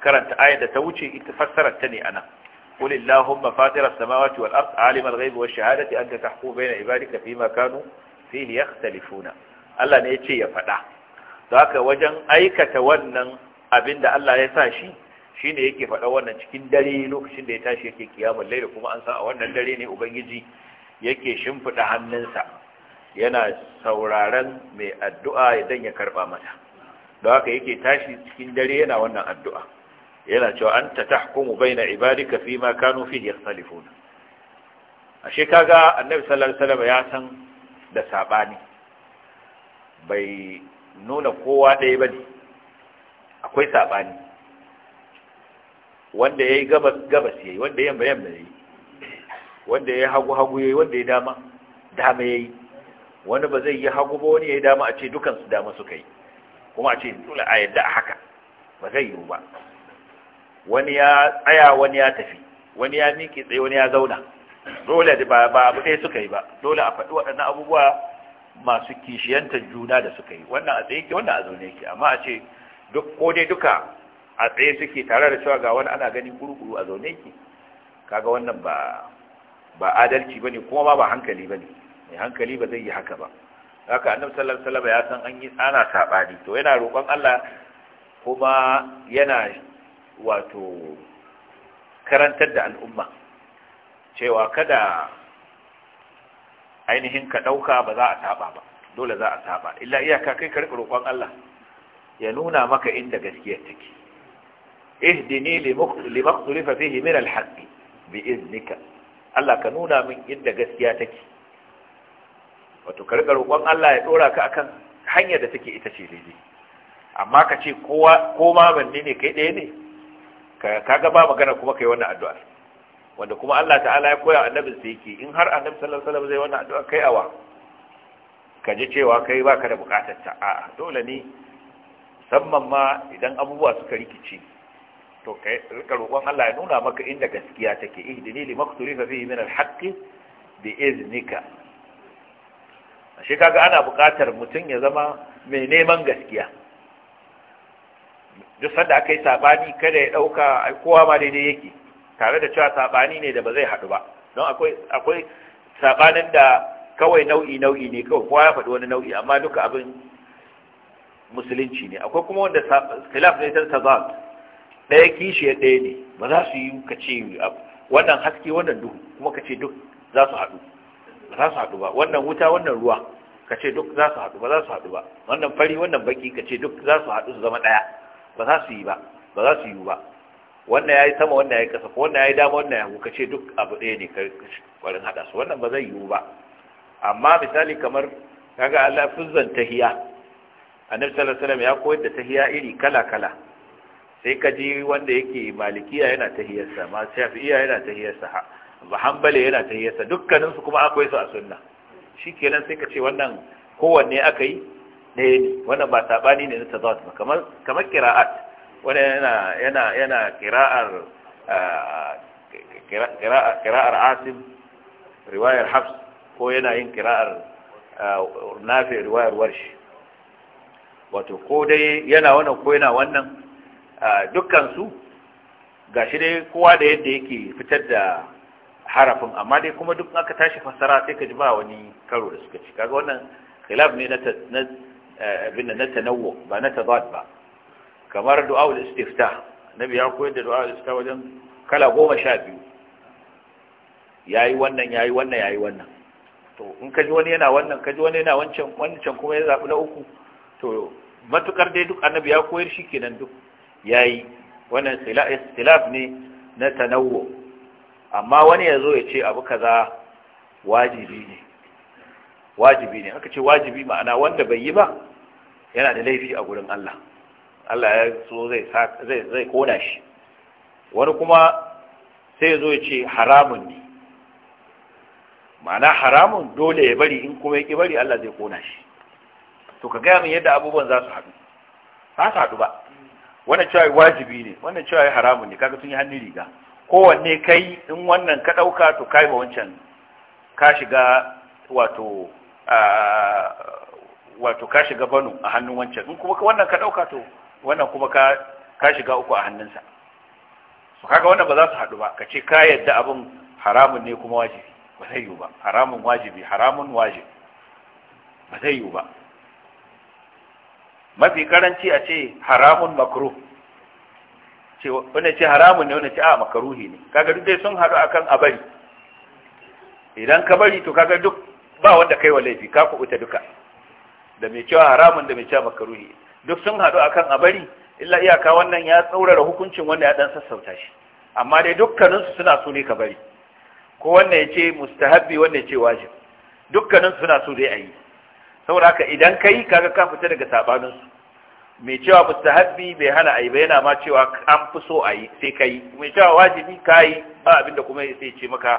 Speaker 2: karanta ayar da ta wuce ita fassarar ta ne anan gaibuwar اللهم فاطر السماوات والأرض عالم الغيب والشهادة أنت تحكم بين عبادك ya كانوا فيه يختلفون wajen aikata wannan abin da allah ya sa shi shi shine yake faɗa wannan cikin dare lokacin da ya tashi yake kiyamul laili kuma an sa a wannan dare ne ubangiji yake shimfiɗa hannunsa yana sauraron mai addu'a idan ya karba mata da haka yake tashi cikin dare yana wannan addu'a yana cewa an ta tahkumu baina ibadika fi ma kanu fi yakhtalifuna ashe kaga annabi sallallahu ya san da sabani bai nuna kowa ɗaya ne, akwai sabani wanda yayi gabas gabas yayi wanda yamma yamma yayi wanda ya hagu hagu yayi wanda ya dama dama yayi wani ba zai yi hagu ba wani yi dama a ce dukan su dama suka yi kuma a ce dole a yadda a haka ba zai yi ba wani ya tsaya wani ya tafi wani ya miƙe tsaye wani ya zauna dole ba ba abu ɗaya suka yi ba dole a faɗi waɗannan abubuwa masu kishiyantar juna da suka yi wannan a tsaye ke wannan a zaune yake amma a ce duk ko dai duka a tsaye suke tare da cewa ga wani ana ganin kurukuru a zaune yake kaga wannan ba ba adalci bane kuma ba hankali bane mai hankali ba zai yi haka ba haka annabi sallallahu alaihi ya san an yi ana sabani to yana roƙon Allah kuma yana wato karantar da al'umma cewa kada ainihin ka dauka ba za a saba ba dole za a saba illa iyaka kai ka roƙon Allah ya nuna maka inda gaskiyar take ihdini li maqtulifa fihi min al bi iznika Allah ka nuna min inda gaskiya take wato ka riƙa roƙon Allah ya dora ka akan hanyar da take ita ce daidai amma ka ce kowa ko ma manne ne kai ɗaya ne ka ga ba magana kuma kai wannan addu'a wanda kuma Allah ta'ala ya koya annabin sa yake in har annabi sallallahu alaihi wasallam zai wannan addu'a kai awa ka ji cewa kai baka da bukatar ta a'a dole ne musamman ma idan abubuwa suka rikice to kai roƙon Allah ya nuna maka inda gaskiya take ihdini li maktulifa fihi min al bi iznika shi kaga ana buƙatar mutum ya zama mai neman gaskiya duk sanda aka yi saɓani kada ya ɗauka kowa ma daidai yake tare da cewa saɓani ne da ba zai haɗu ba don akwai saɓanin da kawai nau'i nau'i ne kawai kowa ya faɗi wani nau'i amma duka abin musulunci ne akwai kuma wanda khilaf ne ta tazat ɗaya kishi ya ɗaya ne ba za su yi ka ce wannan haske wannan duhu kuma ka ce duk za su haɗu ba za su haɗu ba wannan wuta wannan ruwa ka ce duk za su haɗu ba za su haɗu ba wannan fari wannan baki ka ce duk za su haɗu su zama ɗaya ba za su yi ba ba za su yi ba wannan ya yi sama wannan ya yi ƙasa wannan ya yi dama wannan ya hagu ka ce duk abu ɗaya ne ka kwarin haɗa su wannan ba zai yiwu ba amma misali kamar kaga Allah fuzzan tahiya annabi sallallahu alaihi wasallam ya koyar da tahiya iri kala kala sai ka ji wanda yake malikiya yana ta hiyarsa ma shafi'iya yana hiyarsa ha ba hanbali yana ta dukkanin su kuma akwai su a sunna kenan sai ka ce wannan kowanne aka yi ɗaya ne wannan ba sabani ne na tazawat ba kamar kamar qira'at wannan yana yana yana qira'ar qira'ar asim riwayar hafs ko yana yin qira'ar nafi riwayar warshi wato ko dai yana wannan ko yana wannan dukkansu ga shi dai kowa da yadda yake fitar da harafin amma dai kuma duk aka tashi fassara sai ka ji ba wani karo da suka ci kaga wannan khilaf ne na eh, abin da na tanawo ba na tabad ba kamar du'a'ul istifta nabi ya koyar da du'a'ul istifta wajen kala goma sha biyu yayi wannan yayi wannan yayi wannan to in ka ji wani yana wannan ka ji wani yana wancan wancan kuma ya zabi na uku to matukar dai duk annabi ya koyar shi kenan duk yayi wannan istilaf ne na tanawo. amma wani ya zo ya ce abu kaza wajibi ne wajibi ne aka ce wajibi ma'ana wanda bai yi ba yana da laifi a gurin Allah Allah ya so zai zai kona shi wani kuma sai ya zo ya ce haramun ne ma'ana haramun dole ya bari in kuma ya ki bari Allah zai kona shi to ka gaya min yadda abubuwan za su haɗu ba su haɗu ba wannan cewa wajibi ne wannan cewa haramun ne kaga sun yi hannun riga kowanne kai in wannan ka ɗauka to kai ba wancan ka shiga wato wato ka shiga banu a hannun wancan in kuma wannan ka ɗauka to wannan kuma ka ka shiga uku a hannunsa so kaga wannan ba za su haɗu ba ka ce ka yadda abin haramun ne kuma wajibi ba zai yiwu ba haramun wajibi haramun wajibi ba zai yiwu ba mafi karanci a ce haramun makruh ce ce haramun ne wani ce a makaruhi ne kaga duk dai sun haɗu akan bari. idan ka bari to kaga duk ba wanda kai wa laifi ka kubuta duka da mai cewa haramun da mai cewa makaruhi duk sun haɗu akan bari illa iyaka wannan ya tsaurara hukuncin wanda ya dan sassauta shi amma dai dukkaninsu suna so ne ka bari ko wanda ya ce mustahabbi wanda ya ce wajib dukkaninsu suna so dai a yi saboda haka idan kai kaga ka fita daga sabanin su me cewa mustahabbi bai hana ayi ba yana ma cewa an fi so ayi sai kai Me cewa wajibi kai ba abinda kuma sai ce maka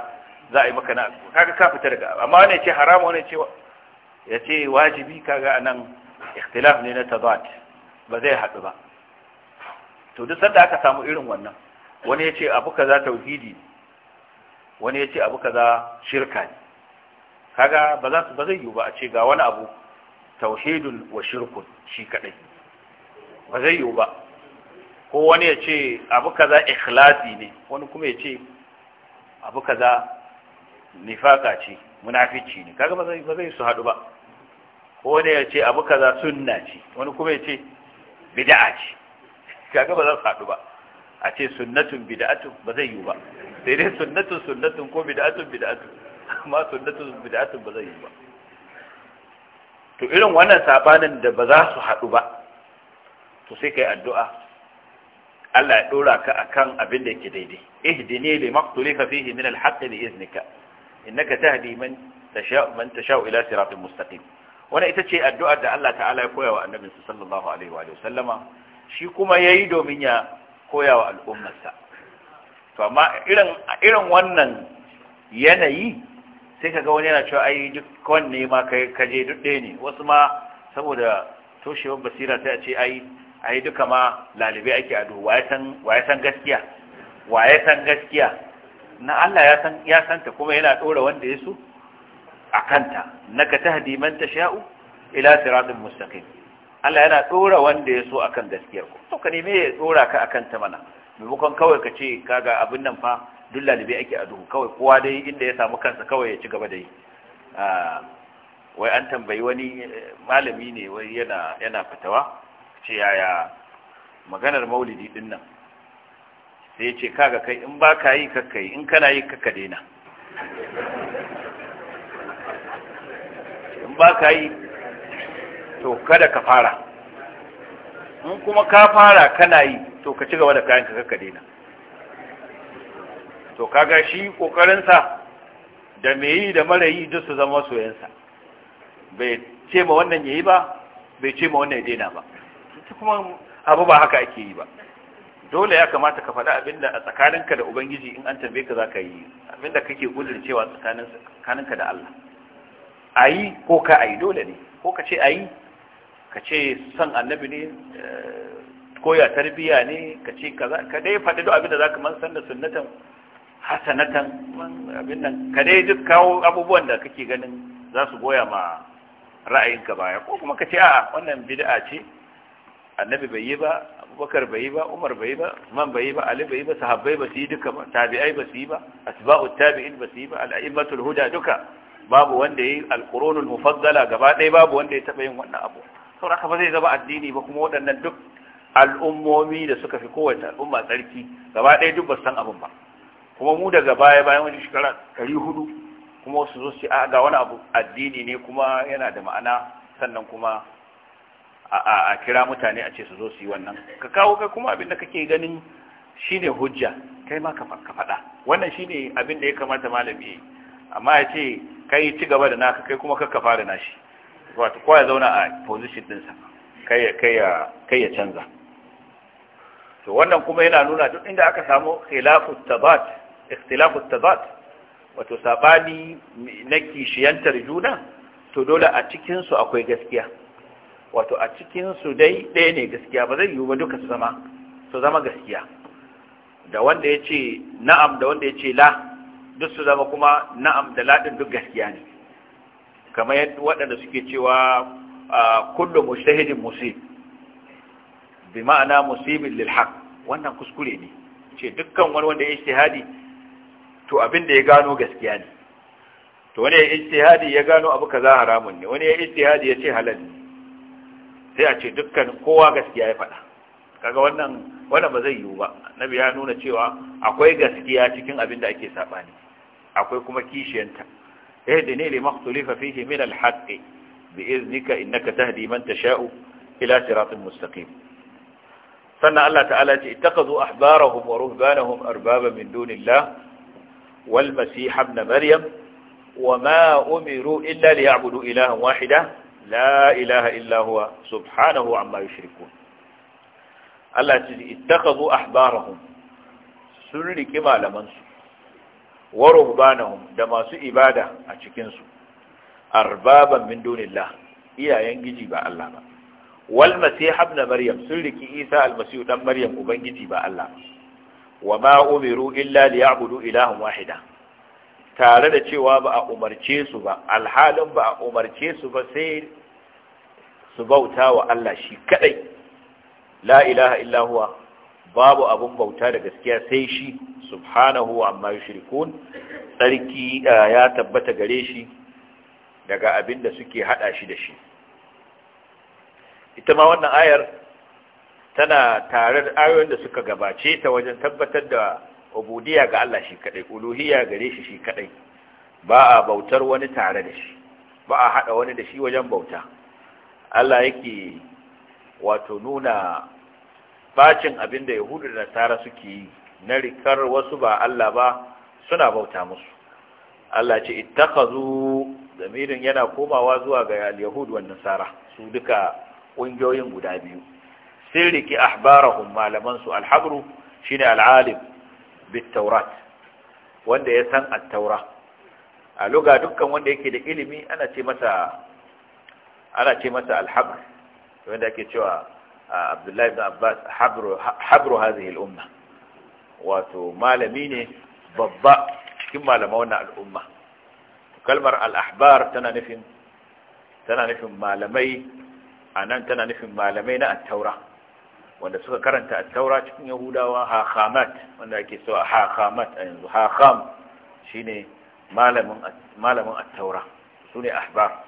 Speaker 2: za a yi maka na kaga ka fita daga amma wani ce haramu wani ce ya ce wajibi kaga anan ikhtilaf ne na tabat ba zai haɗu ba to duk sanda aka samu irin wannan wani ya ce abu kaza tauhidi wani ya ce abu kaza shirka ne kaga ba za su ba zai yiwu ba a ce ga wani abu tauhidun wa shirkun shi kadai ba zai yiwu ba ko wani ya ce abu kaza ikhlasi ne wani kuma ya ce abu kaza nifaka ce munafici ne kaga ba zai ba zai su hadu ba ko wani ya ce abu kaza sunna ce wani kuma ya ce bid'a ce kaga ba za su hadu ba a ce sunnatun bid'atun ba zai yiwu ba sai dai sunnatun sunnatun ko bid'atun bid'atun amma sunnatu bid'atun ba zai yi ba to irin wannan sabanin da ba za su haɗu ba to sai kai addu'a Allah ya dora ka akan abin da yake daidai ihdini li maqtulika fihi min al-haqq bi iznika innaka tahdi man tasha man tasha ila siratin mustaqim wannan ita ce addu'ar da Allah ta'ala ya koya wa annabin sallallahu alaihi wa sallama shi kuma yayi domin ya koya wa al'ummarsa to amma irin irin wannan yanayi sai kaga wani yana cewa ai duk wanne ma ka je duk ɗaya ne wasu ma saboda toshewar basira sai a ce ai ai duka ma lalibai ake ado waye san waye san gaskiya waye san gaskiya na Allah ya san ya santa kuma yana dora wanda yaso a kanta naka tahdi man tasha'u ila siratin mustaqim Allah yana dora wanda yaso akan gaskiyar ku to ka neme ya dora ka akan ta mana maimakon kawai ka ce kaga abin nan fa duk lalibe ake a duhu kawai kowa dai inda ya samu kansa kawai ya ci gaba da yi ah, wai an tambayi wani eh, malami ne wai yana yana fitawa ce yaya maganar maulidi din nan sai ce kaga kai in ba ka yi kakka yi in kana yi kakka daina in ba ka yi to kada ka fara in kuma ka fara kana yi to ka ci gaba da kayan ka kakka daina to kaga shi kokarinsa da me yi da mara yi duk su zama soyansa bai ce ma wannan yayi ba bai ce ma wannan ya daina ba kuma abu ba haka ake yi ba dole ya kamata ka faɗa abinda a tsakaninka da ubangiji in an tambaye ka za ka yi abinda kake gudun cewa tsakaninka da Allah a yi ko ka a yi dole ne ko ka ce a yi ka ce son annabi ne eh, koya tarbiya ne ka ce ka dai faɗi duk abinda za ka man san da sunnatan hasanatan abin nan ka dai duk kawo abubuwan da kake ganin za su goya ma ra'ayinka baya ko kuma ka ce a wannan bid'a ce annabi bai yi ba abubakar bai yi ba umar bai yi ba man bai yi ba ali bai yi ba sahabbai ba su yi duka ba tabi'ai ba su yi ba asba'ut tabi'in ba su yi ba al'aimatul huda duka babu wanda yayi alqurunul mufaddala gaba ɗaya babu wanda ya taba yin wannan abu saboda haka ba zai zama addini ba kuma waɗannan duk al'ummomi da suka fi kowace al'umma tsarki gaba ɗaya duk ba san abin ba kuma mu daga baya bayan wani shekara ɗari hudu kuma su zo su a ga wani abu addini ne kuma yana da ma'ana sannan kuma a kira mutane a ce su zo su yi wannan ka kawo kai kuma abin da kake ganin shine hujja kai ma ka faɗa wannan shine abin da ya kamata malami yi amma ya ce kai ci gaba da naka kai kuma kakka fara nashi wato kowa ya zauna a position ɗinsa kai ya canza to wannan kuma yana nuna duk inda aka samu khilafu tabat ikhtilafu tazat wato sabani na kishiyantar juna to dole a cikin su akwai gaskiya wato a cikin su dai ɗaya ne gaskiya ba zai yiwu ba duka su zama su zama gaskiya da wanda ya ce na'am da wanda ya ce la duk su zama kuma na'am da laɗin duk gaskiya ne kamar yadda waɗanda suke cewa kullum mushahidin musib bi ma'ana musibin lil haqq wannan kuskure ne ce dukkan wani wanda ya ijtihadi to abin da ya gano gaskiya ne to wani ya ijtihadi ya gano abu kaza haramun ne wani ya ijtihadi ya ce halal ne sai a ce dukkan kowa gaskiya ya faɗa kaga wannan wannan ba zai yiwu ba annabi ya nuna cewa akwai gaskiya cikin abin da ake sabani akwai kuma kishiyanta eh, ihdini ne makhtulifa fihi min al-haqqi bi iznika innaka tahdi man tasha'u ila siratin mustaqim sannan Allah ta'ala ce ittakhadhu ahbarahum wa ruhbanahum arbaba min dunillah wal masih ibn maryam wa ma umiru illa abudu ilahan wahida la ilaha illa huwa subhanahu amma yushrikun Allah ce ittakhadhu ahbarahum sun riki malamansu wa ruhbanahum da masu ibada a cikin su arbaban min dunillah iyayen giji ba Allah ba wal masih ibn maryam sun riki isa al-masih dan maryam ubangiji ba Allah ba wa ma umiru illa ya'budu ilahan wahida tare da cewa ba a umarce su ba alhalin ba a umarce su ba sai su bauta wa Allah shi kadai la ilaha illa huwa babu abun bauta da gaskiya sai shi subhanahu amma yushrikun tsarki uh, ya tabbata gare shi daga abin da suke hada shi da shi ita ma wannan ayar tana tare da ayoyin da suka gabace ta wajen tabbatar da ubudiyya ga Allah shi kadai uluhiyya gare shi shi kadai ba a bautar wani tare da shi ba a hada wani da shi wajen bauta Allah yake wato nuna bacin abin da yahudu da nasara suke yi na rikar wasu ba Allah ba suna bauta musu Allah ce ittakhazu zamirin yana komawa zuwa ga al-yahud nasara su duka ƙungiyoyin guda biyu sun riki ahbarahum malaman alhabru shine al'alim bit taurat wanda ya san at-taura a luga dukkan wanda yake da ilimi ana ce masa ana ce masa alhabr wanda cewa Abdullahi ibn Abbas habru habru hadhihi al-umma wato malami ne babba cikin malaman wannan al'umma kalmar al-ahbar tana nufin tana nufin malamai a nan tana nufin malamai na taura. wanda suka karanta a taura cikin yahudawa hahamat wanda ake so a hahamat a yanzu haham shine malamin malamin a taura sune ahbar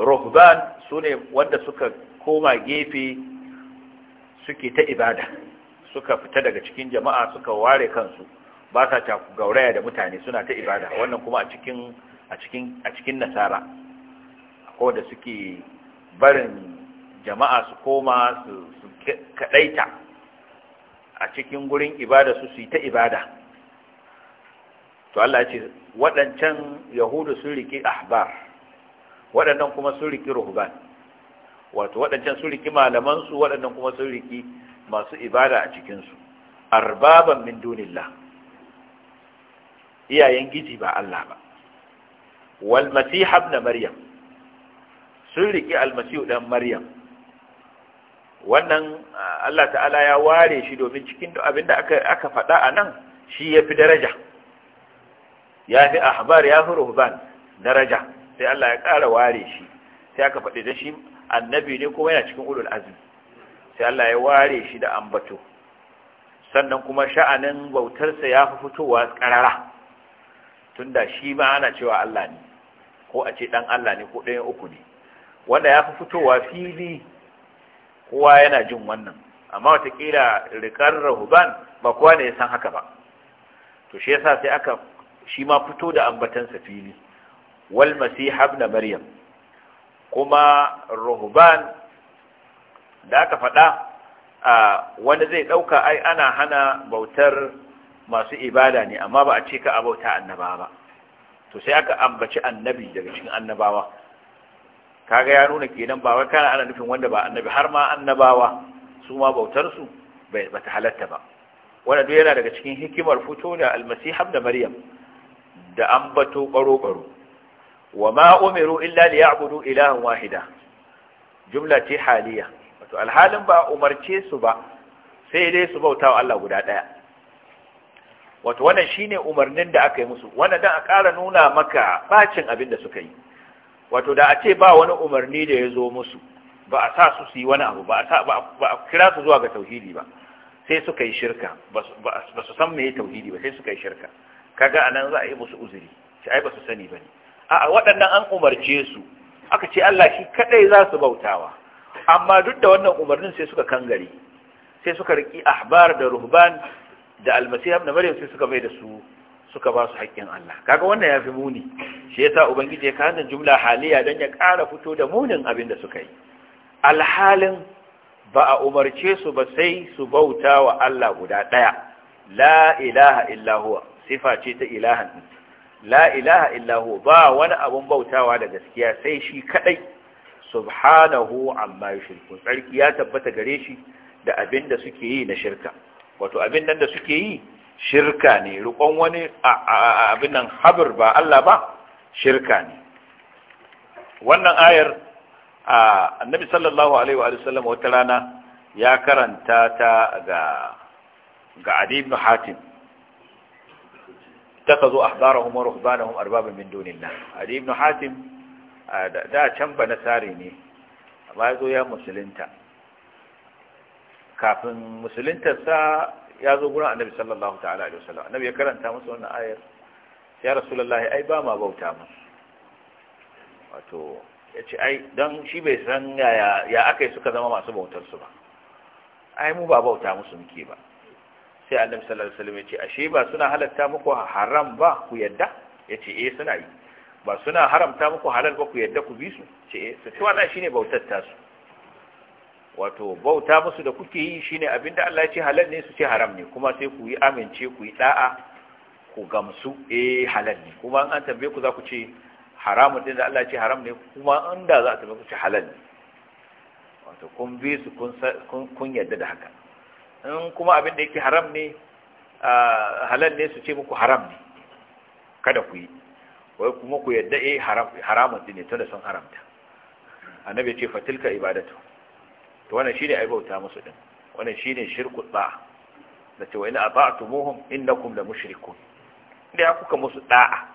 Speaker 2: ruhban sune wanda suka koma gefe suke ta ibada suka fita daga cikin jama'a suka ware kansu ba sa ta gauraya da mutane suna ta ibada wannan kuma a cikin a a cikin nasara ko da suke barin jama'a su koma su kadaita a cikin gurin ibada su su yi ta ibada to Allah ce waɗancan yahudu sun riki ahbar waɗannan kuma sun riki ruhban wato waɗancan sun riki malamansu waɗannan kuma sun riki masu ibada a cikinsu arbaban min dunillah iyayen giji ba Allah ba wal masih ibn maryam sun riki almasihu dan maryam wannan Allah ta'ala ya ware shi domin cikin da aka aka faɗa a nan shi ya fi daraja ya fi ahbar ya fi ruhban daraja sai Allah ya ƙara ware shi sai aka faɗi da shi annabi ne kuma yana cikin ulul azmi sai Allah ya ware shi da ambato sannan kuma sha'anin bautarsa ya fi fitowa ƙarara tunda shi ma ana cewa Allah ne ko a ce ɗan Allah ne ko ɗayan uku ne wanda ya fi fitowa fili kowa yana jin wannan amma watakila rikar rahuban ba kowa ne ya san haka ba to shi yasa sai aka shi ma fito da ambatan fili wal ibn maryam kuma rahuban da aka faɗa a wani zai ɗauka ai ana hana bautar masu ibada ne amma ba a ce ka a annabawa ba to sai aka ambaci annabi daga cikin annabawa kaga ya nuna kenan ba wai kana ana nufin wanda ba annabi har ma annabawa su ma bautar su bai bata halatta ba wannan duk yana daga cikin hikimar fito da almasih da maryam da ambato baro baro wa ma umiru illa ya'budu ilahan wahida jumla ce haliya wato alhalin ba umarce su ba sai dai su bautawa Allah guda daya wato wannan shine umarnin da aka yi musu wannan dan a ƙara nuna maka bacin abin da suka yi wato da a ce ba wani umarni da ya zo musu ba a sa su su yi wani abu ba a kira su zuwa ga tauhidi ba sai suka yi shirka ba su san meye tauhidi ba sai suka yi shirka kaga anan za a yi musu uzuri shi ai ba su sani bane a waɗannan an umarce su aka ce Allah shi kaɗai za su bautawa amma duk da wannan umarnin sai suka kangare sai suka riki ahbar da ruhban da almasih ibn maryam sai suka bai da su suka ba su haƙƙin Allah kaga wannan fi muni shi yasa ubangiji ya kana jumla haliya don ya ƙara fito da munin abin da suka yi alhalin ba a umarce su ba sai su bauta wa Allah guda ɗaya la ilaha illa sifa ce ta ilahan la ilaha illa ba wani abun bautawa da gaskiya sai shi kaɗai. subhanahu amma yushriku tsarki ya tabbata gare shi da abin da suke yi na shirka wato abin nan da suke yi shirka ne rukon wani abin nan habar ba Allah ba shirka ne wannan ayar annabi sallallahu alaihi wa sallam wata rana ya karanta ta ga ga Adi ibn Hatim takazu ahbarahum wa ruhbanahum arbaban min dunillah Adi ibn Hatim da can ba nasari ne amma ya zo ya musulunta kafin musuluntarsa ya zo gura annabi sallallahu ta'ala alaihi wasallam annabi ya karanta musu wannan ayar ya rasulullahi ai ba ma bauta musu wato ya ce ai don shi bai san ya aka yi suka zama masu bautar su ba ai mu ba bauta musu muke ba sai annabi sallallahu alaihi wasallam ya ce ashe ba suna halatta muku haram ba ku yadda ya ce eh suna yi ba suna haramta muku halal ba ku yadda ku bi su ce eh su ci wannan shine bautar tasu wato bauta musu da kuke yi shine abinda Allah ya ce halal ne su ce haram ne kuma sai ku yi amince ku yi da'a ku gamsu eh halal ne kuma an tambaye ku za ku ce haramun din da Allah ya ce haram ne kuma da za a tambaye ku ce halal ne wato kun bi su kun kun yarda da haka in kuma abin da yake haram ne halal ne su ce muku haram ne kada ku yi wai kuma ku yarda eh haramun din ne tunda sun haramta annabi ya ce fatilka ibadatu to wannan shine ai bauta musu din wannan shine shirku da da cewa in ata'tumuhum innakum la mushrikun da kuka musu da'a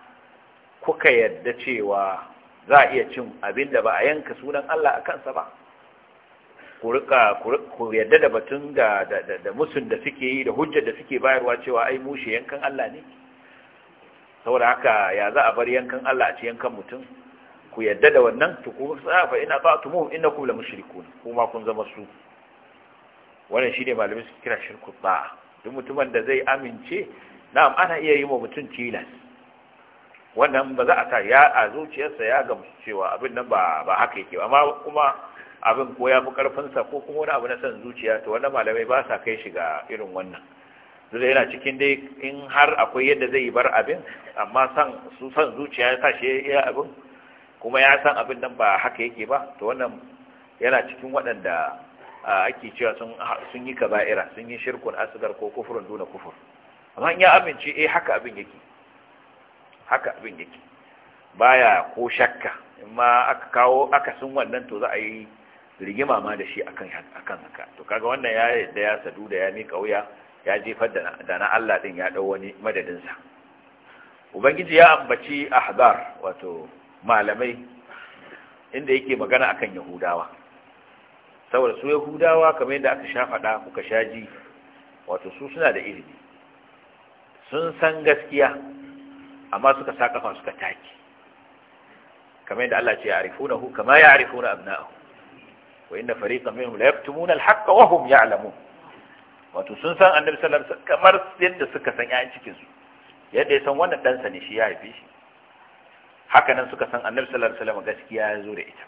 Speaker 2: kuka yadda cewa za a iya cin abinda ba a yanka sunan Allah a kansa ba ku rika ku yadda da batun da da musun da suke yi da hujjar da suke bayarwa cewa ai mushe yankan Allah ne saboda haka ya za a bar yankan Allah a ci yankan mutum ku yadda da wannan to ku fa ina ba'tumuhum innakum la kuma kun zama su wannan shine malami suke kira shirku ba duk mutumin da zai amince na'am ana iya yi wa mutum tilas wannan ba za a ta ya a zuciyarsa ya ga cewa abin nan ba ba haka yake amma kuma abin ko ya fi karfinsa ko kuma wani abu na san zuciya to wannan malamai ba sa kai ga irin wannan zai yana cikin dai in har akwai yadda zai bar abin amma san su san zuciya ya tashi ya abin kuma ya san abin nan ba haka yake ba to wannan yana cikin waɗanda ake cewa sun yi kaba'ira sun yi shirkun asgar ko kufurin duna kufur amma in ya amince eh haka abin yake haka abin yake baya ko shakka in ma aka kawo akasin wannan to za a yi rigima ma da shi akan akan haka to kaga wannan ya yadda ya sadu da ya mika wuya ya jefar da na Allah din ya dau wani madadin sa ubangiji ya ambaci ahzar wato malamai inda yake magana akan yahudawa saboda su yahudawa kamar yadda aka sha faɗa kuka sha ji wato su suna da ilimi sun san gaskiya amma suka sa kafa suka taki kamar yadda Allah ce ya arifuna hu kama ya abu abna'ahu wa inna fariqan minhum la yaktumuna al-haqqa wa hum ya'lamun wato sun san annabi sallallahu alaihi wasallam kamar yadda suka san 'ya'yan cikin su yadda ya san wannan ɗansa ne shi ya haife shi haka nan suka san annabi sallallahu alaihi wasallam gaskiya ya zo da ita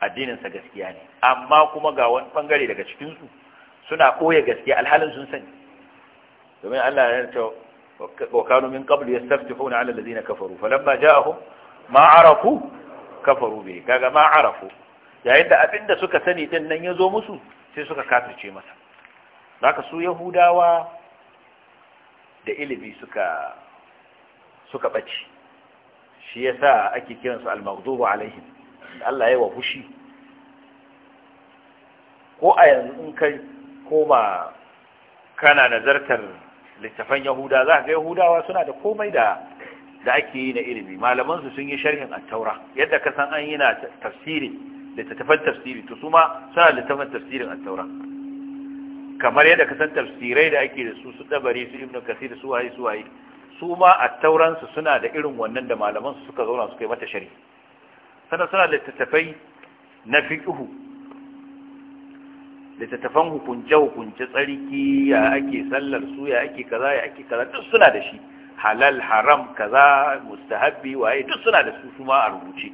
Speaker 2: addininsa sa gaskiya ne amma kuma ga wani bangare daga cikin su suna koya gaskiya alhalin sun sani domin Allah ya ce wa kanu min qabl yastaftihuna ala alladhina kafaru falamma ja'ahum ma arafu kafaru bi kaga ma arafu yayin da abinda suka sani din nan ya zo musu sai suka kafirce masa zaka su yahudawa da ilimi suka suka bace shi yasa ake kiransu al-maghdubu alaihim Allah yayi wa fushi ko a yanzu in kai koma kana nazartar littafan yahuda za ga yahudawa suna da komai da da ake yi na ilimi malaman su sun yi sharhin at-taura yadda ka san an yi na tafsiri littattafan tafsiri to su ma suna littafan tafsirin at-taura kamar yadda ka san tafsirai da ake da su su dabare su ibnu kasir su waye su waye su ma a tauransu suna da irin wannan da malaman su suka zauna suka yi mata shari sannan suna littattafai na fiqhu littattafan hukunce hukunce tsarki ya ake sallar su ya ake kaza ya ake kaza duk suna da shi halal haram kaza mustahabbi waye duk suna da su kuma a rubuce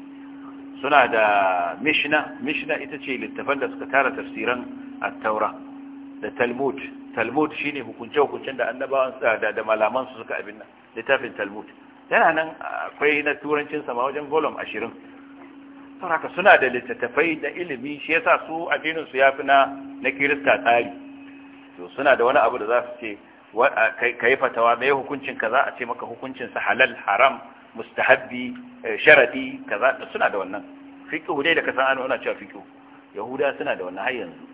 Speaker 2: suna da mishna mishna ita ce littafan da suka tara tafsiran at da talmud talmud shine hukunce-hukuncen da annabawan ah, da da malaman su suka abin nan littafin talmud yana nan ah, akwai na turancin sama wajen volum ashirin saboda suna da littattafai da ilimi shi yasa su addinin su yafi na na kirista tsari to suna da wani abu da za su ce ah, kai fatawa mai hukuncin kaza a ce maka hukuncin sa halal haram mustahabbi eh, sharadi kaza suna da wannan fiqhu dai da kasan ana cewa fiqhu yahuda suna da wannan har yanzu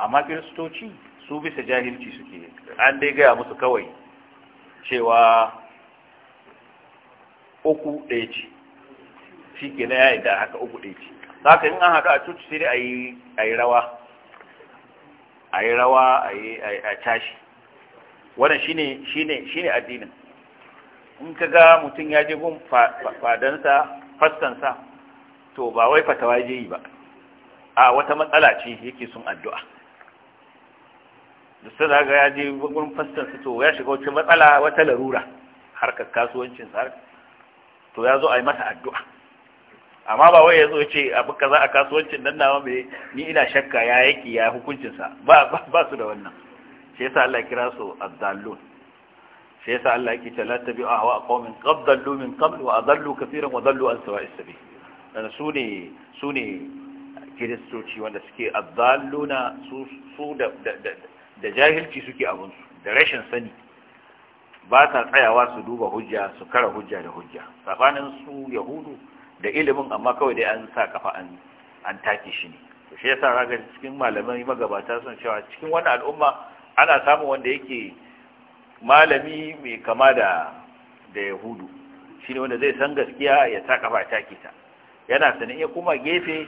Speaker 2: amma kiristoci su bisa jahilci suke an dai gaya musu kawai cewa uku ɗaya ce shi ke na yayi da haka uku ɗaya ce ka yi an haɗu a cuci sai dai a yi rawa a yi rawa a tashi wannan shine shine shine addinin in ka ga mutum ya je gun fadansa fastansa to ba wai fatawa je yi ba a wata matsala ce yake sun addu'a da sai daga ya je gurin fastan su to ya shiga wata matsala wata larura harkar kasuwancin sa to ya zo a yi masa addu'a amma ba wai ya zo ce abu kaza a kasuwancin nan nawa me ni ina shakka ya yaki ya hukuncin sa ba ba su da wannan shi yasa Allah kira su azzalun shi yasa Allah yake ce la tabi'u ahwa qawmin qaddallu min qabl wa adallu kaseeran wa dallu an sawa'is sabi dan su ne su ne kiristoci wanda suke azzaluna su su da da jahilci suke abinsu da rashin sani ba sa tsayawa su duba hujja su kara hujja da hujja sabanin su yahudu da ilimin amma kawai dai an sa kafa an an take shi ne to shi yasa raga cikin malamai magabata sun cewa cikin wannan al'umma ana samun wanda yake malami mai kama da da yahudu shine wanda zai san gaskiya ya sa kafa take ta yana sanin ya kuma gefe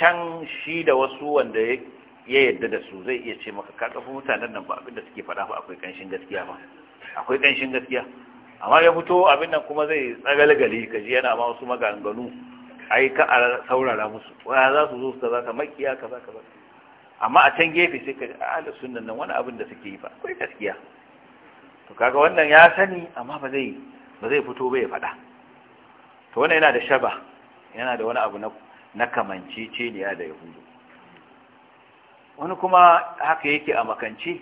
Speaker 2: can shi da wasu wanda ya yadda da su zai iya ce maka ka kafa mutanen nan ba abin da suke faɗa ba akwai kanshin gaskiya ba akwai kanshin gaskiya amma ya fito abin nan kuma zai tsagalgali ka ji yana ma wasu maganganu ai ka a saurara musu wa za su zo su za ka makiya ka ba amma a can gefe sai ka da sunan nan wani abin da suke yi ba akwai gaskiya to kaga wannan ya sani amma ba zai ba zai fito ba ya faɗa to wannan yana da shaba yana da wani abu na na kamanceceniya da yahudu wani kuma haka yake a makance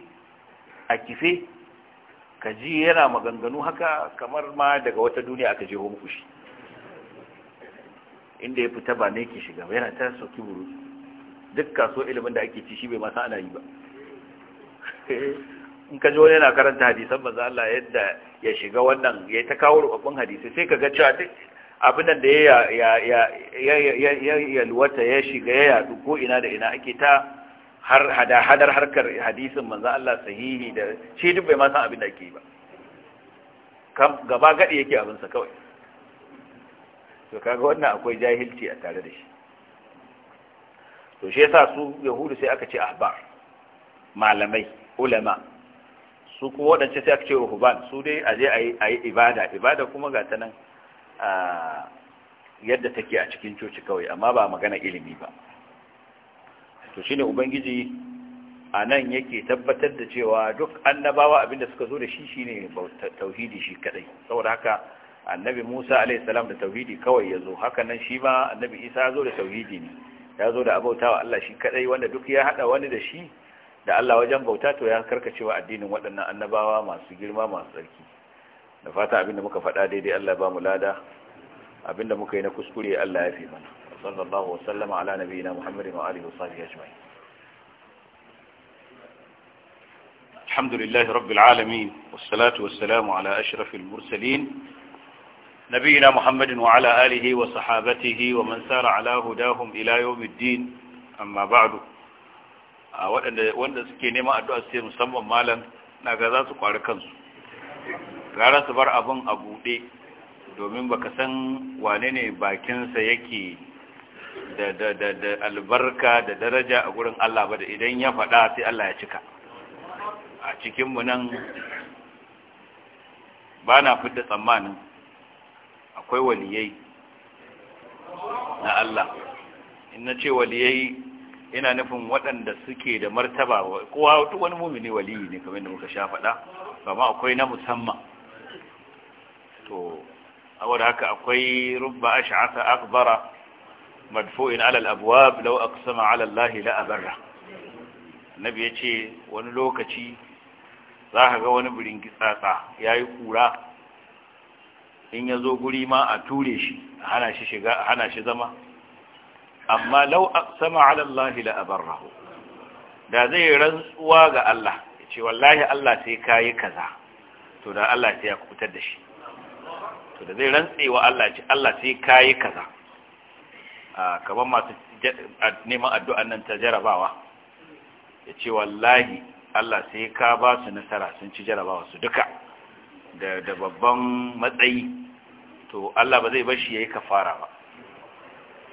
Speaker 2: a kife ka ji yana maganganu haka kamar ma daga wata duniya aka je muku shi inda ya fita ba ne ke shiga yana ta sauki buru duk kaso ilimin da ake ci shi bai masa ana yi ba in ka ji wani yana karanta hadisan manzo Allah yadda ya shiga wannan ya ta kawo rubabbin hadisai, sai ka ga cewa duk abin da ya ya ya ya ya ya ya ya ya ta. har hada-hadar harkar hadisin manzo Allah sahihi da shi duk bai ma san abin da yake ba gaba gadi yake abin sa kawai to kaga wannan akwai jahilci a tare da shi to shi yasa su yahudu sai aka ce ahbar malamai ulama su kuma wadance sai aka ce ruhban su dai a je a yi ibada ibada kuma ga ta nan ah, yadda take a cikin coci kawai amma ba magana ilimi ba to shine ubangiji a nan yake tabbatar da cewa duk annabawa abinda suka zo da shi shine tauhidi shi kadai saboda haka annabi Musa alayhi salam da tauhidi kawai ya zo. haka nan shi ma annabi Isa ya zo da tauhidi ne ya zo da abautawa Allah shi kadai wanda duk ya hada wani da shi da Allah wajen bauta to ya karkacewa addinin waɗannan annabawa masu girma masu tsarki da fata abinda muka faɗa daidai Allah ba mu lada abinda muka yi na kuskure Allah ya fi mana وصلى الله وسلم على نبينا محمد وآله وصحبه أجمعين الحمد لله رب العالمين والصلاة والسلام على أشرف المرسلين نبينا محمد وعلى آله وصحابته ومن سار على هداهم إلى يوم الدين أما بعد wanda suke nema addu'a sai musamman malam na ga za su kwari kansu gara su bar abin a buɗe domin baka san wane ne bakinsa yake da da da da albarka da daraja a gurin Allah ba da idan ya faɗa sai Allah ya cika a cikin mu nan ba na da tsammanin akwai waliyai na Allah in na ce waliyai ina nufin waɗanda suke da martaba kowa duk wani mumini waliyi ne kamar da muka sha faɗa amma akwai na musamman to wadda haka akwai rubba ash'asa akbara madfu'in alal abwab law aqsama ala allahi la abarra annabi yace wani lokaci za ka ga wani biringi tsatsa yayi kura in yazo guri ma a ture shi hana shi shiga hana shi zama amma law aqsama ala allahi la abarra. da zai rantsuwa ga Allah yace wallahi Allah sai kai kaza to da Allah sai ya kutar da shi to da zai rantsewa Allah ce Allah sai kai kaza kamar masu neman addu'an nan ta jarabawa ya ce wallahi Allah sai ka ba su nasara sun ci jarabawa su duka da babban matsayi to Allah ba zai bashi ya yi kafara ba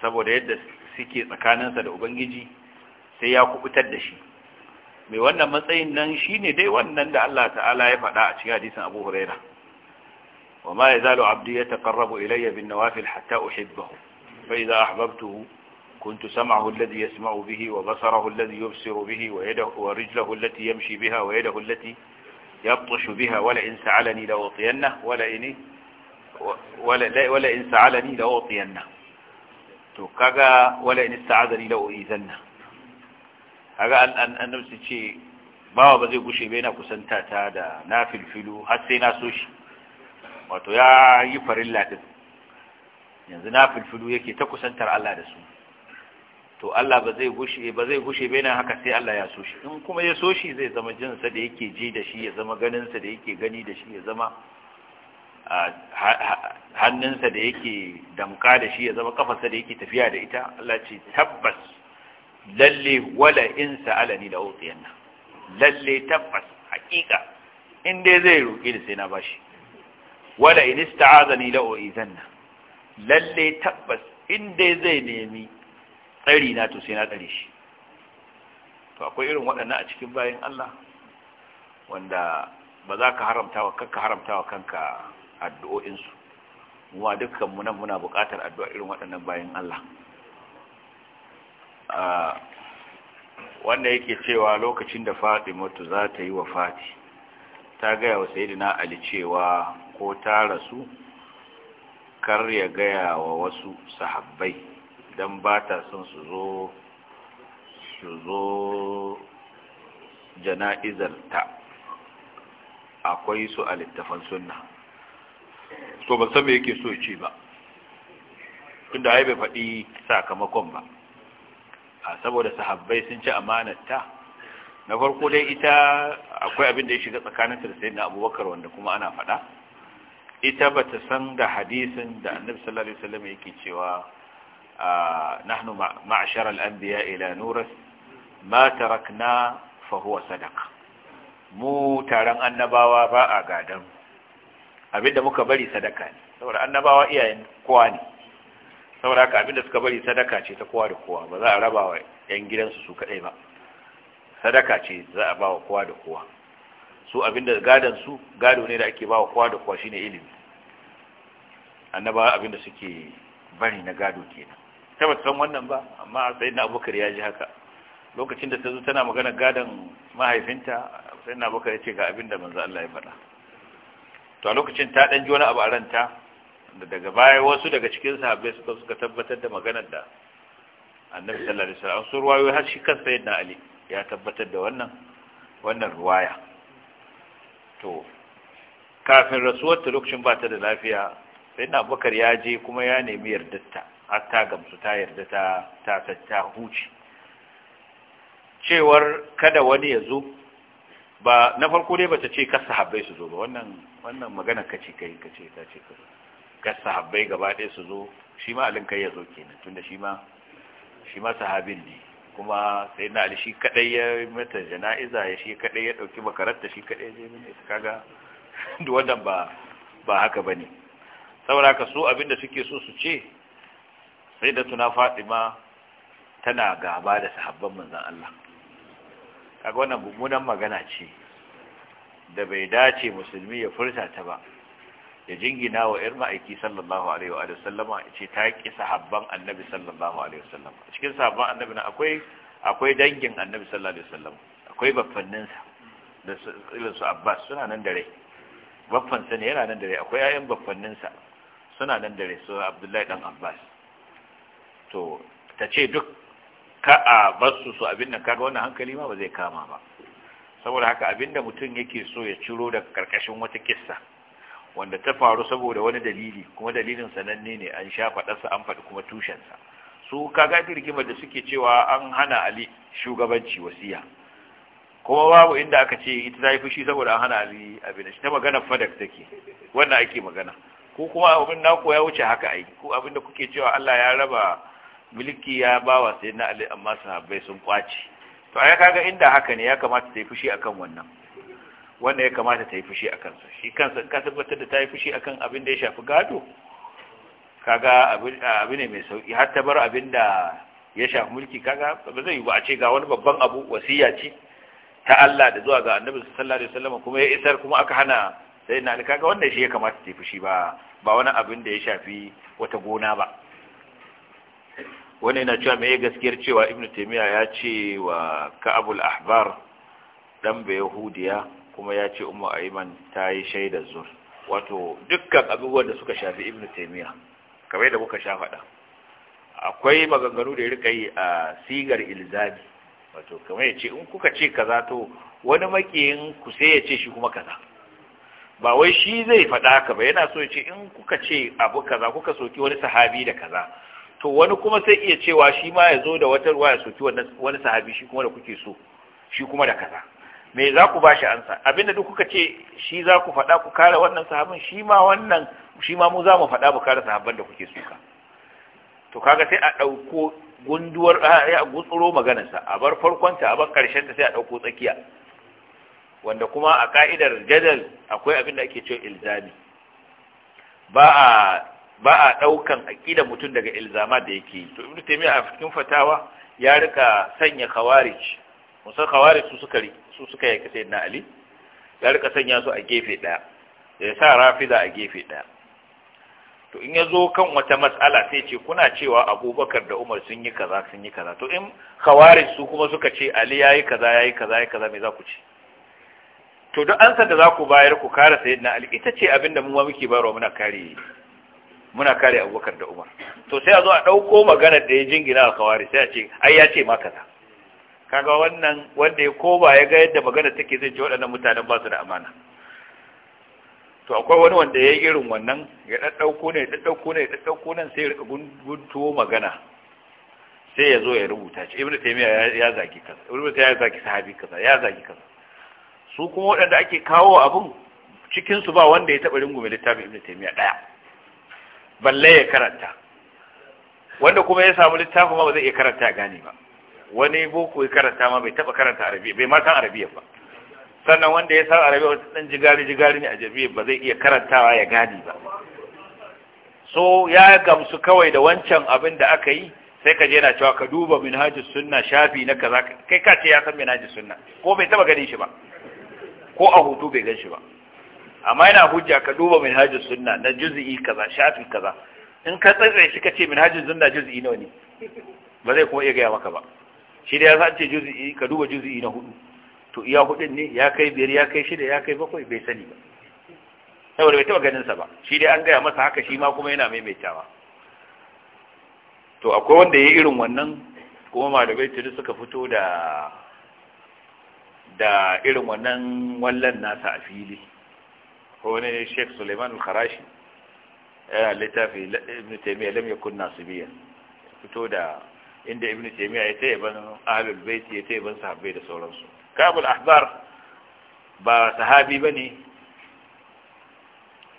Speaker 2: saboda yadda suke tsakaninsa da Ubangiji sai ya kubutar da shi mai wannan matsayin nan shi ne dai wannan da Allah ta'ala ya faɗa a cikin hadisin abu huraira wa ma ya zalo abdu ya taƙarrabu ilayya bin nawafil hatta uhibbahu فإذا أحببته كنت سمعه الذي يسمع به وبصره الذي يبصر به ويده ورجله التي يمشي بها ويده التي يبطش بها ولئن سعلني لأعطينه ولئن ولئن سعلني لأعطينه to kaga wala in ista'azani la uizanna kaga an annabi ce bawa ba zai gushe ba yana kusanta ta da nafilfilu har sai na soshi, wato ya yi farin din yanzu na filfilu yake ta kusantar Allah da su to Allah ba zai gushe ba zai gushe bayan haka sai Allah ya so shi in kuma ya so shi zai zama jin sa da yake ji da shi ya zama ganin sa da yake gani da shi ya zama hannun sa da yake damka da shi ya zama kafarsa da yake tafiya da ita Allah ce tabbas lalle wala in sa'alani la utiyanna lalle tabbas hakika in dai zai roki da sai na bashi wala in ista'azani la uizanna lalle tabbas in dai zai nemi tsari na to sai na tsare shi to akwai irin waɗannan a cikin bayan Allah wanda ba za ka haramta wa kanka haramta wa kanka addu'o'insu kuma dukkan mu nan muna buƙatar addu'a irin waɗannan bayan Allah wanda yake cewa lokacin da mutu za ta yi wa wafati ta gaya wa Sayyidina Ali cewa ko ta rasu kar ya gaya wa wasu sahabbai don ba ta son su zo su zo jana'izarta akwai su a littafan sunna so ban san me yake so ce ba tunda ai bai faɗi sakamakon ba a saboda sahabbai sun ci amanarta na farko dai ita akwai abin da ya shiga tsakaninta da abubakar wanda kuma ana faɗa ita ba ta san da hadisin da annabi sallallahu alaihi wasallam yake cewa ah, nahnu ma'ashar al-anbiya ila nuras ma tarakna fa huwa sadaqa mu taron annabawa ba a gadan abinda muka bari sadaka ne saboda annabawa iyayen kowa ne saboda haka abinda suka bari sadaka ce ta kowa da kowa ba za a raba wa 'yan gidansu su kaɗai ba sadaka ce za a ba wa kowa da kowa su abinda gadon su gado ne da ake bawa kowa da kowa shine ilimi annaba abinda suke bari na gado kenan tabbata san wannan ba amma sayyidina abubakar ya ji haka lokacin da ta zo tana magana gadon mahaifinta sayyidina abubakar ya ce ga abinda manzo Allah ya faɗa to a lokacin ta dan ji wani abu a ranta da daga baya wasu daga cikin sahabbai suka suka tabbatar da maganar da annabi sallallahu alaihi wasallam sun ruwayo har shi kansa sayyidina ali ya tabbatar da wannan wannan ruwaya to kafin rasuwar ta lokacin ba ta da lafiya sai na bakar ya je kuma ya nemi yardarta har ta gamsu ta yarda ta ta ta huce cewar kada wani ya zo ba na farko dai bata ce kasa sahabbai su zo ba wannan wannan magana kace kai kace ta ce ka kasa gaba ɗaya su zo shi ma alin kai ya zo kenan tunda shi ma shi ma sahabin ne kuma sai na ali shi kadai ya mata jana'iza ya shi kadai ya ɗauki makaranta shi kadai ya je min ita kaga duk wannan ba ba haka bane saboda ka so da suke so su ce sai da tuna Fatima tana gaba da sahabban manzon Allah kaga wannan mummunan magana ce da bai dace musulmi ya furta ta ba ya jingina wa ‘yar ma'aiki sallallahu Alaihi wa sallama ce ta ki sahabban annabi sallallahu Alaihi wasallama cikin sahabban annabi na akwai dangin annabi sallallahu Alaihi sallama akwai baffanninsa da ilinsu abbas suna nan da rai baffansa ne yana nan da rai akwai ‘ya'yan sa suna nan da rai su abdullahi dan abbas to ta ce duk ka a basu su abin nan kaga wannan hankali ma ba zai kama ba saboda haka abinda mutum yake so ya ciro daga karkashin wata kissa wanda ta faru saboda wani dalili kuma dalilin sananne ne an sha faɗarsa an faɗi kuma tushensa su kaga rigimar da suke cewa an hana ali shugabanci wasiya kuma babu inda aka ce ita ta yi fushi saboda an hana ali abin ta magana fadak take wannan ake magana ko kuma abin na ya wuce haka ai ko abin da kuke cewa Allah ya raba miliki ya bawa sayyidina ali amma sahabbai sun kwace to ai kaga inda haka ne ya kamata ta yi fushi akan wannan wanda ya kamata ta yi fushi a kansa shi kansa ka tabbatar da ta yi fushi a kan abin da ya shafi gado kaga abu ne mai sauki har ta bar abin da ya shafi mulki kaga ba zai yi ba a ce ga wani babban abu wasiya ce ta Allah da zuwa ga Annabi sallallahu alaihi wasallam kuma ya isar kuma aka hana sai na kaga wannan shi ya kamata ta yi fushi ba ba wani abin da ya shafi wata gona ba wani yana cewa mai gaskiyar cewa ibnu taymiya ya ce wa ka'abul ahbar dan bayahudiya kuma ya ce ummu aiman ta yi shaidar zur wato dukkan abubuwan da suka shafi ibnu taymiya kamar da muka sha faɗa akwai maganganu da ya rika yi a sigar ilzami wato kamar ya ce in kuka ce kaza to wani makiyin ku sai ya ce shi kuma kaza ba wai shi zai faɗa ka ba yana so ya ce in kuka ce abu kaza kuka soki wani sahabi da kaza to wani kuma sai iya cewa shi ma ya zo da wata ruwa ya soki wani sahabi shi kuma da kuke so shi kuma da kaza me za ku bashi ansa abinda duk kuka ce shi za ku faɗa ku kare wannan sahabin shi ma wannan shi ma mu za mu faɗa mu kare sahabban da kuke suka to kaga sai a ɗauko gunduwar a gutsuro maganarsa a bar farkonta a bar ƙarshen ta sai a ɗauko tsakiya wanda kuma a ka'idar jadal akwai abin da ake cewa ilzami ba a ba a ɗaukan aƙidar mutum daga ilzama da yake yi to ibnu taymiya a cikin fatawa ya rika sanya khawarij musa khawarij su suka rike su suka yaki na ali ya rika sanya su a gefe ɗaya, ya sa rafiza a gefe ɗaya. to in ya zo kan wata matsala sai ce kuna cewa abubakar da umar sun yi kaza sun yi kaza to in khawarij su kuma suka ce ali ya yi kaza ya yi kaza ya yi kaza me za ku ce to duk ansa da za ku bayar ku kare na ali ita ce abin da mu ma muke bayarwa muna kare muna kare abubakar da umar to sai a zo a ɗauko maganar da ya jingina a kawari sai a ce ai ya ce ma kaza kaga wannan wanda ya koba ya ga yadda magana take zai ji waɗannan mutanen ba su da amana to akwai wani wanda ya yi irin wannan ya ɗaɗɗauko ne ya ɗaɗɗauko ne ya ɗaɗɗauko nan sai ya riƙa guntuwo magana sai ya zo ya rubuta shi ibnu taymiya ya zagi kaza ibnu taymiya ya zagi sahabi kaza ya zagi kaza su kuma waɗanda ake kawo abun cikin su ba wanda ya taɓa rungume littafin ibnu taymiya ɗaya balle ya karanta wanda kuma ya samu littafin ma ba zai iya karanta gane ba wani boko ya karanta ma bai taba karanta arabiya bai ma san arabiya ba sannan wanda ya san arabiya wata dan jigari jigari ne a jabiya ba zai iya karantawa ya gadi ba so ya gamsu kawai da wancan abin da aka yi sai ka je na cewa ka duba minhajus sunna shafi na kaza kai ka ce ya san minhajus sunna ko bai taba ganin shi ba ko a hutu bai gan shi ba amma yana hujja ka duba minhajus sunna na juz'i kaza shafi kaza in ka tsare shi ka ce minhajus sunna juz'i nawa ne ba zai kuma iya gaya maka ba shi da ya san ce juzi'i ka duba juzi'i na hudu to iya hudun ne ya kai biyar ya kai shida ya kai bakwai bai sani ba saboda bai taba ganin sa ba shi dai an gaya masa haka shi ma kuma yana maimaitawa to akwai wanda ya irin wannan kuma malamai tudu suka fito da da irin wannan wallan nasa a fili ko ne Sheikh Suleiman Al-Kharashi ya littafi Ibn Taymiyyah lam yakun nasibiyan fito da inda ibn taymiya ya taya ban ahlul bait ya taya ban sahabbai da sauransu kabul ahbar ba sahabi bane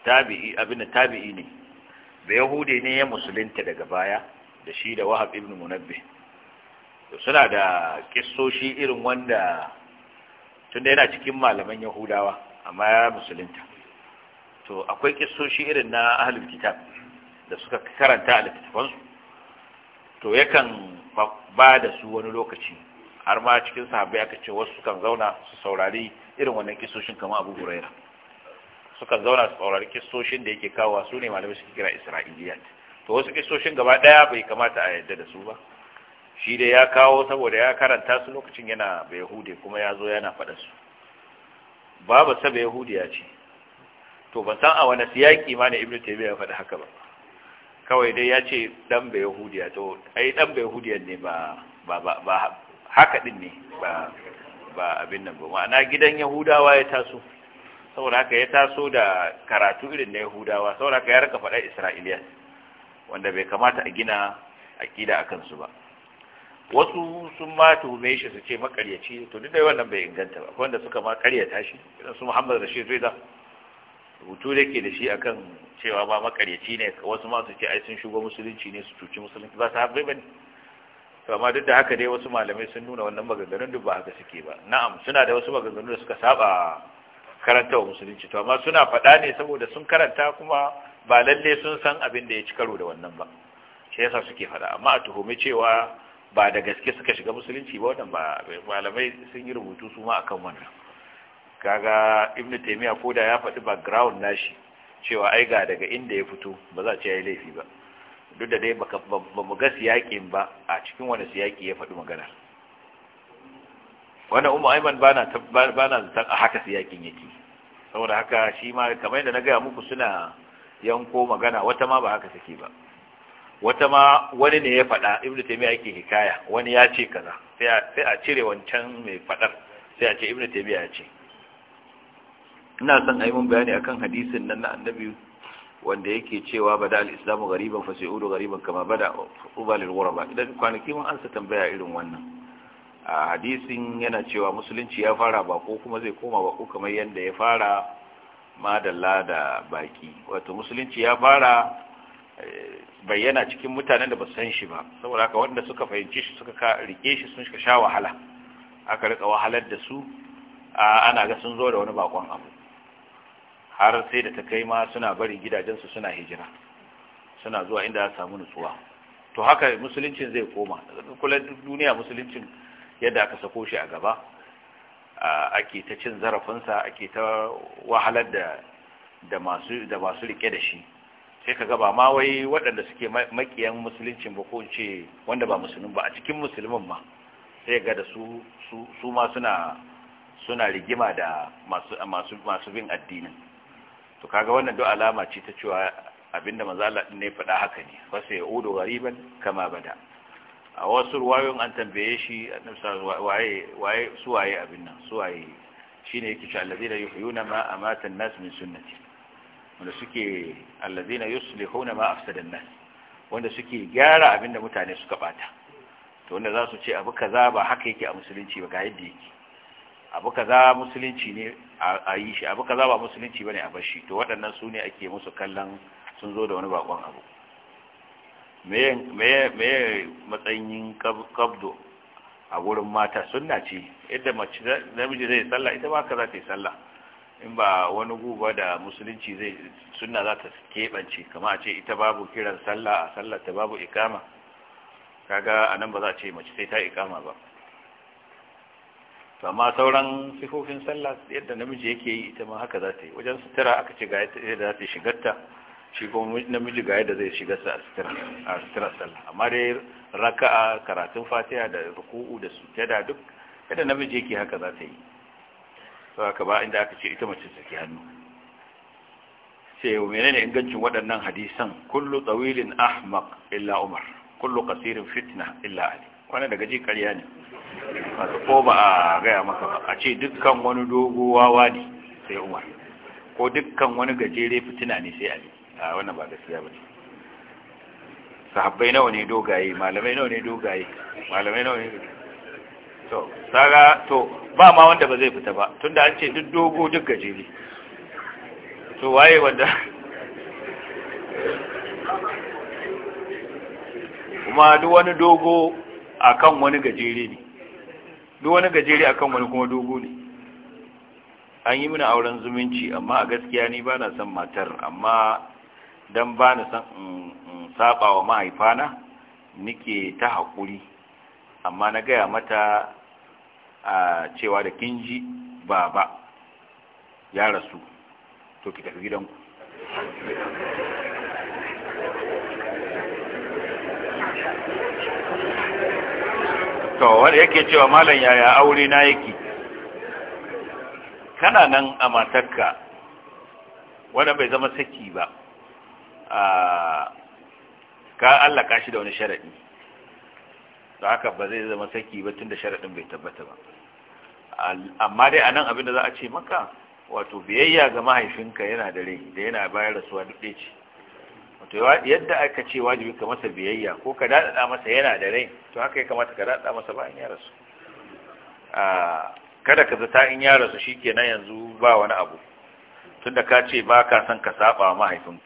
Speaker 2: tabi'i abin tabi'i ne da yahude ne ya musulunta daga baya da shi da wahab ibn munabbih suna da kissoshi irin wanda tunda yana cikin malaman yahudawa amma ya musulunta to akwai kissoshi irin na ahlul kitab da suka karanta a littattafansu to yakan ba da su wani lokaci har ma cikin sahabbai aka ce wasu kan zauna su saurari irin wannan kisoshin kamar abu huraira sukan zauna su saurari kisoshin da yake kawo su ne malamai suke kira isra'iliyat to wasu kisoshin gaba daya bai kamata a yadda da su ba shi da ya kawo saboda ya karanta su lokacin yana bai Yahudi kuma ya zo yana faɗa su babu sa Yahudiya ya ce to ban san a wani siyaki ma ne ibnu taymiya ya faɗi haka ba kawai dai ya ce ɗan bai hudiya to ai ɗan bai yahudiya ne ba haka din ne ba ba abin nan ba ma'ana gidan yahudawa ya taso saboda haka ya taso da karatu irin na yahudawa saboda haka ya rika faɗa isra'iliya wanda bai kamata a gina aƙida a kansu ba wasu sun ma tuhume shi su ce makaryaci to duk da wannan bai inganta ba akwai wanda suka ma karyata shi irin su muhammad rashid rida rubutu da ke da shi akan cewa ma makaryaci ne wasu ma su ce ai sun shigo musulunci ne su cuci musulunci ba su haɓe ba ne to amma duk da haka dai wasu malamai sun nuna wannan maganganun duk ba haka suke ba na'am suna da wasu maganganu da suka saba karanta wa musulunci to amma suna faɗa ne saboda sun karanta kuma ba lalle sun san abin da ya ci karo da wannan ba shi yasa suke faɗa amma a tuhumi cewa ba da gaske suka shiga musulunci ba wannan ba malamai sun yi rubutu su ma akan wannan kaga ibnu taymiya ko da ya faɗi background nashi cewa ai ga daga inda ya fito ba za ce yi laifi ba duk da dai ba mu ga siyakin ba a cikin wani siyaki ya faɗi magana wanda umar aiman ba na zaton a haka siyakin yake saboda haka shi ma kamar yadda na gaya muku suna yanko magana wata ma ba haka take ba wata ma wani ne ya faɗa ibnu taymiya yake hikaya wani ya ce kaza sai a cire wancan mai faɗar sai a ce ibnu taymiya ya ce ina son a yi mun bayani akan hadisin nan na annabi wanda yake cewa bada al-islamu gariban fa sayudu gariban kama bada ubalil ghuraba idan kwanaki mun ansa tambaya irin wannan a hadisin yana cewa musulunci ya fara bako kuma zai koma bako kamar yadda ya fara madalla da baki wato musulunci ya fara eh, bayyana cikin mutanen da ba san shi ba saboda haka wanda suka fahimci shi suka rike shi sun sha wahala aka rika wahalar da su ana ga sun zo da wani bakon abu har sai da ta kai ma suna barin gidajensu suna hijira suna zuwa inda za samu nutsuwa to haka musuluncin zai koma kula duniya musuluncin yadda aka sako shi a gaba ake ta cin zarafinsa ake ta wahalar da da masu rike da shi sai ka gaba ma wai waɗanda suke makiyan musuluncin ba ko ce wanda ba musulun ba a cikin musulmin ma sai ga da su ma suna rigima da masu bin addinin to kaga wannan duk alama ce ta cewa abinda manzo Allah din ne faɗa haka ne fa sai udu gariban kama bada a wasu ruwayoyin an tambaye shi annabi waye waye abin nan su waye shine yake cewa allazina yuhyuna ma amata an-nas min sunnati wanda suke allazina yuslihuna ma afsada an-nas wanda suke gyara abinda mutane suka bata to wanda za su ce abu kaza ba haka yake a musulunci ba ga yadda yake abu kaza musulunci ne a yi shi abu kaza ba musulunci bane a bar shi to waɗannan su ne ake musu kallon sun zo da wani bakon abu meye matsayin kabdo a gurin mata sunna ce yadda namiji zai sallah ita ba ka za ta yi sallah in ba wani guba da musulunci zai sunna za ta keɓance kama a ce ita babu kiran sallah a sallah ta babu ikama kaga anan ba za a ce mace sai ta ikama ba amma sauran sifofin sallah yadda namiji yake yi ita ma haka za ta yi wajen sutura aka ce ga yadda za ta shigarta shi kuma namiji ga yadda zai shiga a sutura sallah amma dai raka'a karatun fatiha da ruku'u da sujada duk yadda namiji yake haka za ta yi sau haka ba inda aka ce ita mace saki hannu sai menene ingancin waɗannan hadisan kullu tsawilin ahmaq illa umar kullu qasirin fitna illa ali wannan daga ji ƙarya ne wato ko ba a gaya maka ba a ce dukkan wani dogo wawa ne sai umar ko dukkan wani gajere fitina ne sai ali a wannan ba gaskiya ba ne sahabbai nawa ne dogaye malamai nawa ne dogaye malamai nawa ne to saga to ba ma wanda ba zai fita ba tunda an ce duk dogo duk gajere to waye wanda kuma duk wani dogo akan wani gajere ne duk wani gajere akan wani kuma dogo ne an yi mini auren zumunci amma a gaskiya ni ba na son matar amma don ba na son in saba wa mahaifana nike ta haƙuri amma na gaya mata a cewa da kinji ba ba ya rasu to ki tafi gidanku
Speaker 1: to wanda yake
Speaker 2: cewa malam yaya aure na yake kana nan a matarka wanda bai zama saki ba ka allaka shi da wani sharaɗi da haka ba zai zama saki ba tun da sharaɗin bai tabbata ba amma dai a nan abin da za a ce maka wato biyayya ga mahaifinka yana da rai da yana bayar da suwa duk ɗaya ce to yadda aka ce wajibi ka masa biyayya ko ka daɗaɗa masa yana da rai to haka ya kamata ka daɗaɗa masa bayan ya rasu kada ka zata in ya rasu shi na yanzu ba wani abu tunda ka ce ba ka son ka saba mahaifin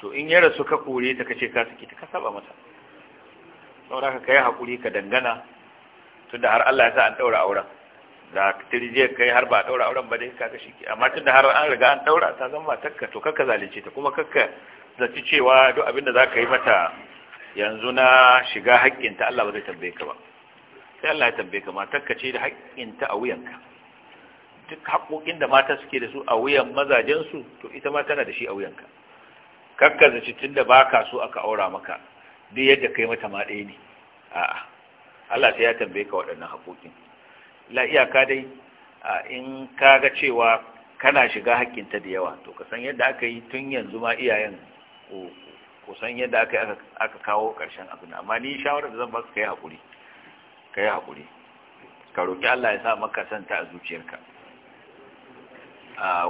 Speaker 2: to in ya rasu ka kore ta ka ce ka saki ta ka saba masa saboda ka kai hakuri ka dangana tunda har Allah ya sa an daura auren da tirje kai har ba daura auren ba dai ka shi amma tunda har an riga an daura ta zama matarka to kakka zalunce ta kuma kakka zaci cewa duk abin da za ka yi mata yanzu na shiga haƙƙinta Allah ba zai tambaye ka ba sai Allah ya tambaye ka matarka ce da haƙƙinta a wuyanka duk haƙoƙin da mata suke da su a wuyan mazajensu to ita ma tana da shi a wuyanka kakka zaci tun da baka so aka aura maka duk yadda kai mata ma ɗaya ne a'a Allah sai ya tambaye ka waɗannan haƙoƙin la iyaka dai in ka ga cewa kana shiga haƙƙinta da yawa to ka san yadda aka yi tun yanzu ma iyayen Kusan yadda aka aka kawo ƙarshen abin amma ni shawarar da zan ba ka yi hakuri ka yi hakuri ka roki Allah ya sa maka santa a zuciyarka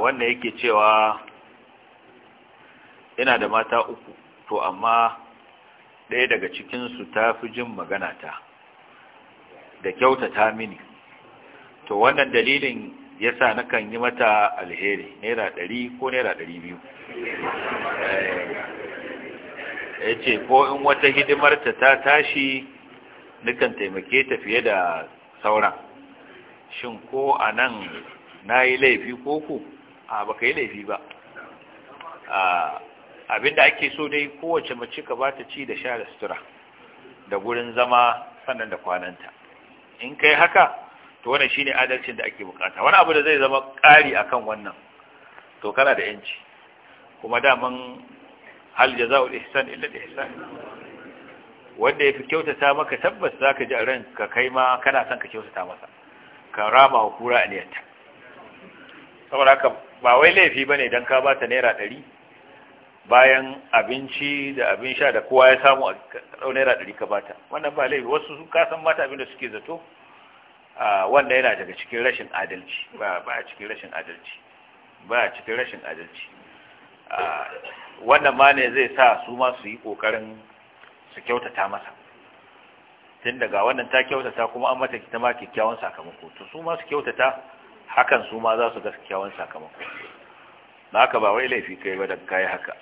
Speaker 2: wanda yake cewa ina da mata uku to amma ɗaya daga cikinsu ta fi jin magana ta da kyautata mini to wannan dalilin yasa kan yi mata alheri naira ɗari ko naira ɗari biyu eh, ya ce ko in wata hidimarta ta tashi nukan taimake ta fiye da sauran shin ko a nan na yi laifi ko ku a baka yi laifi ba abinda ake so dai kowace mace ka ba ta ci da sha da sutura da gurin zama sannan da kwananta in kai haka to wannan shine adalcin da ake bukata wani abu da zai zama ƙari akan wannan to kana da yanci kuma daman hal jaza'ul ihsan illa ihsan wanda yafi kyautata maka tabbas zaka ji a ka kai ma kana son ka kyautata masa ka rama wa kura aniyarta saboda haka ba wai laifi bane dan ka bata naira 100 bayan abinci da abin sha da kowa ya samu a naira 100 ka bata wannan ba laifi wasu su kasan mata abin da suke zato wanda yana daga cikin rashin adalci ba a cikin rashin adalci ba a cikin rashin adalci wannan ma ne zai sa su ma su yi ƙoƙarin su kyautata masa tun daga wannan ta kyautata kuma an mata ta ma kyakkyawan sakamako to su ma su kyautata hakan su ma za su ga kyakkyawan sakamako na haka ba wai laifi kai ba da kayi haka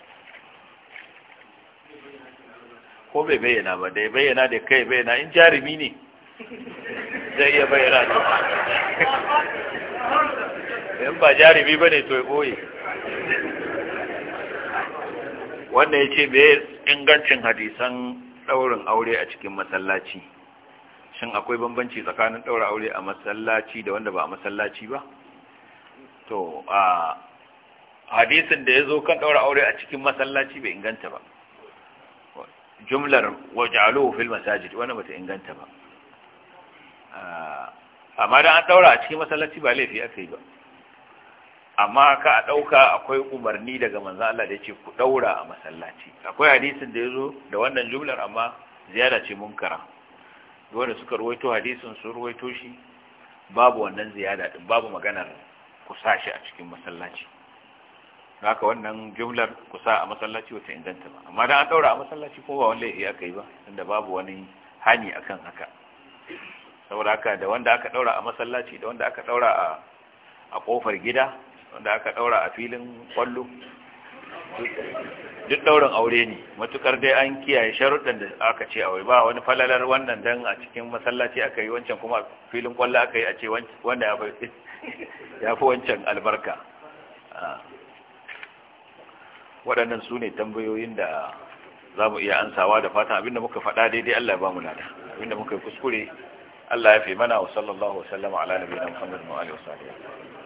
Speaker 2: ko bai bayyana ba da bayyana da kai bayyana in jarumi ne zai iya bayyana ki
Speaker 1: in ba jarumi
Speaker 2: ba ne to ya ɓoye wannan ya ce bai ingancin hadisan ɗaurin aure a cikin masallaci shin akwai bambanci tsakanin ɗaurin aure a masallaci da wanda ba a masallaci ba to a hadisin da ya zo kan ɗaurin aure a cikin masallaci bai inganta ba jumlar waje fil masajid wani bata inganta ba Ah, amma dan an daura a cikin masallaci ba laifi aka yi ba amma ka a dauka akwai umarni daga manza Allah da yace ku ɗaura a masallaci akwai hadisin da ya zo da wannan jumlar amma ziyara ce munkara dole suka ruwaito hadisin su ruwaito shi babu wannan ziyara din babu maganar ku shi a cikin masallaci haka wannan jumlar kusa a masallaci wata inganta ba amma dan an daura a masallaci ko ba wani laifi aka yi ba inda babu wani hani akan haka saboda haka da wanda aka daura a masallaci da wanda aka daura a a kofar gida wanda aka daura a filin kwallo duk daurin aure ne matukar dai an kiyaye sharuɗan da aka ce aure ba wani falalar wannan dan a cikin masallaci aka yi wancan kuma filin kwallo aka yi a ce wanda ya fi wancan albarka waɗannan su ne tambayoyin da za mu iya ansawa da fatan abinda muka faɗa daidai Allah ba mu lada abinda muka yi kuskure الله يفي منا وصلى الله وسلم على نبينا محمد وعلى اله وصحبه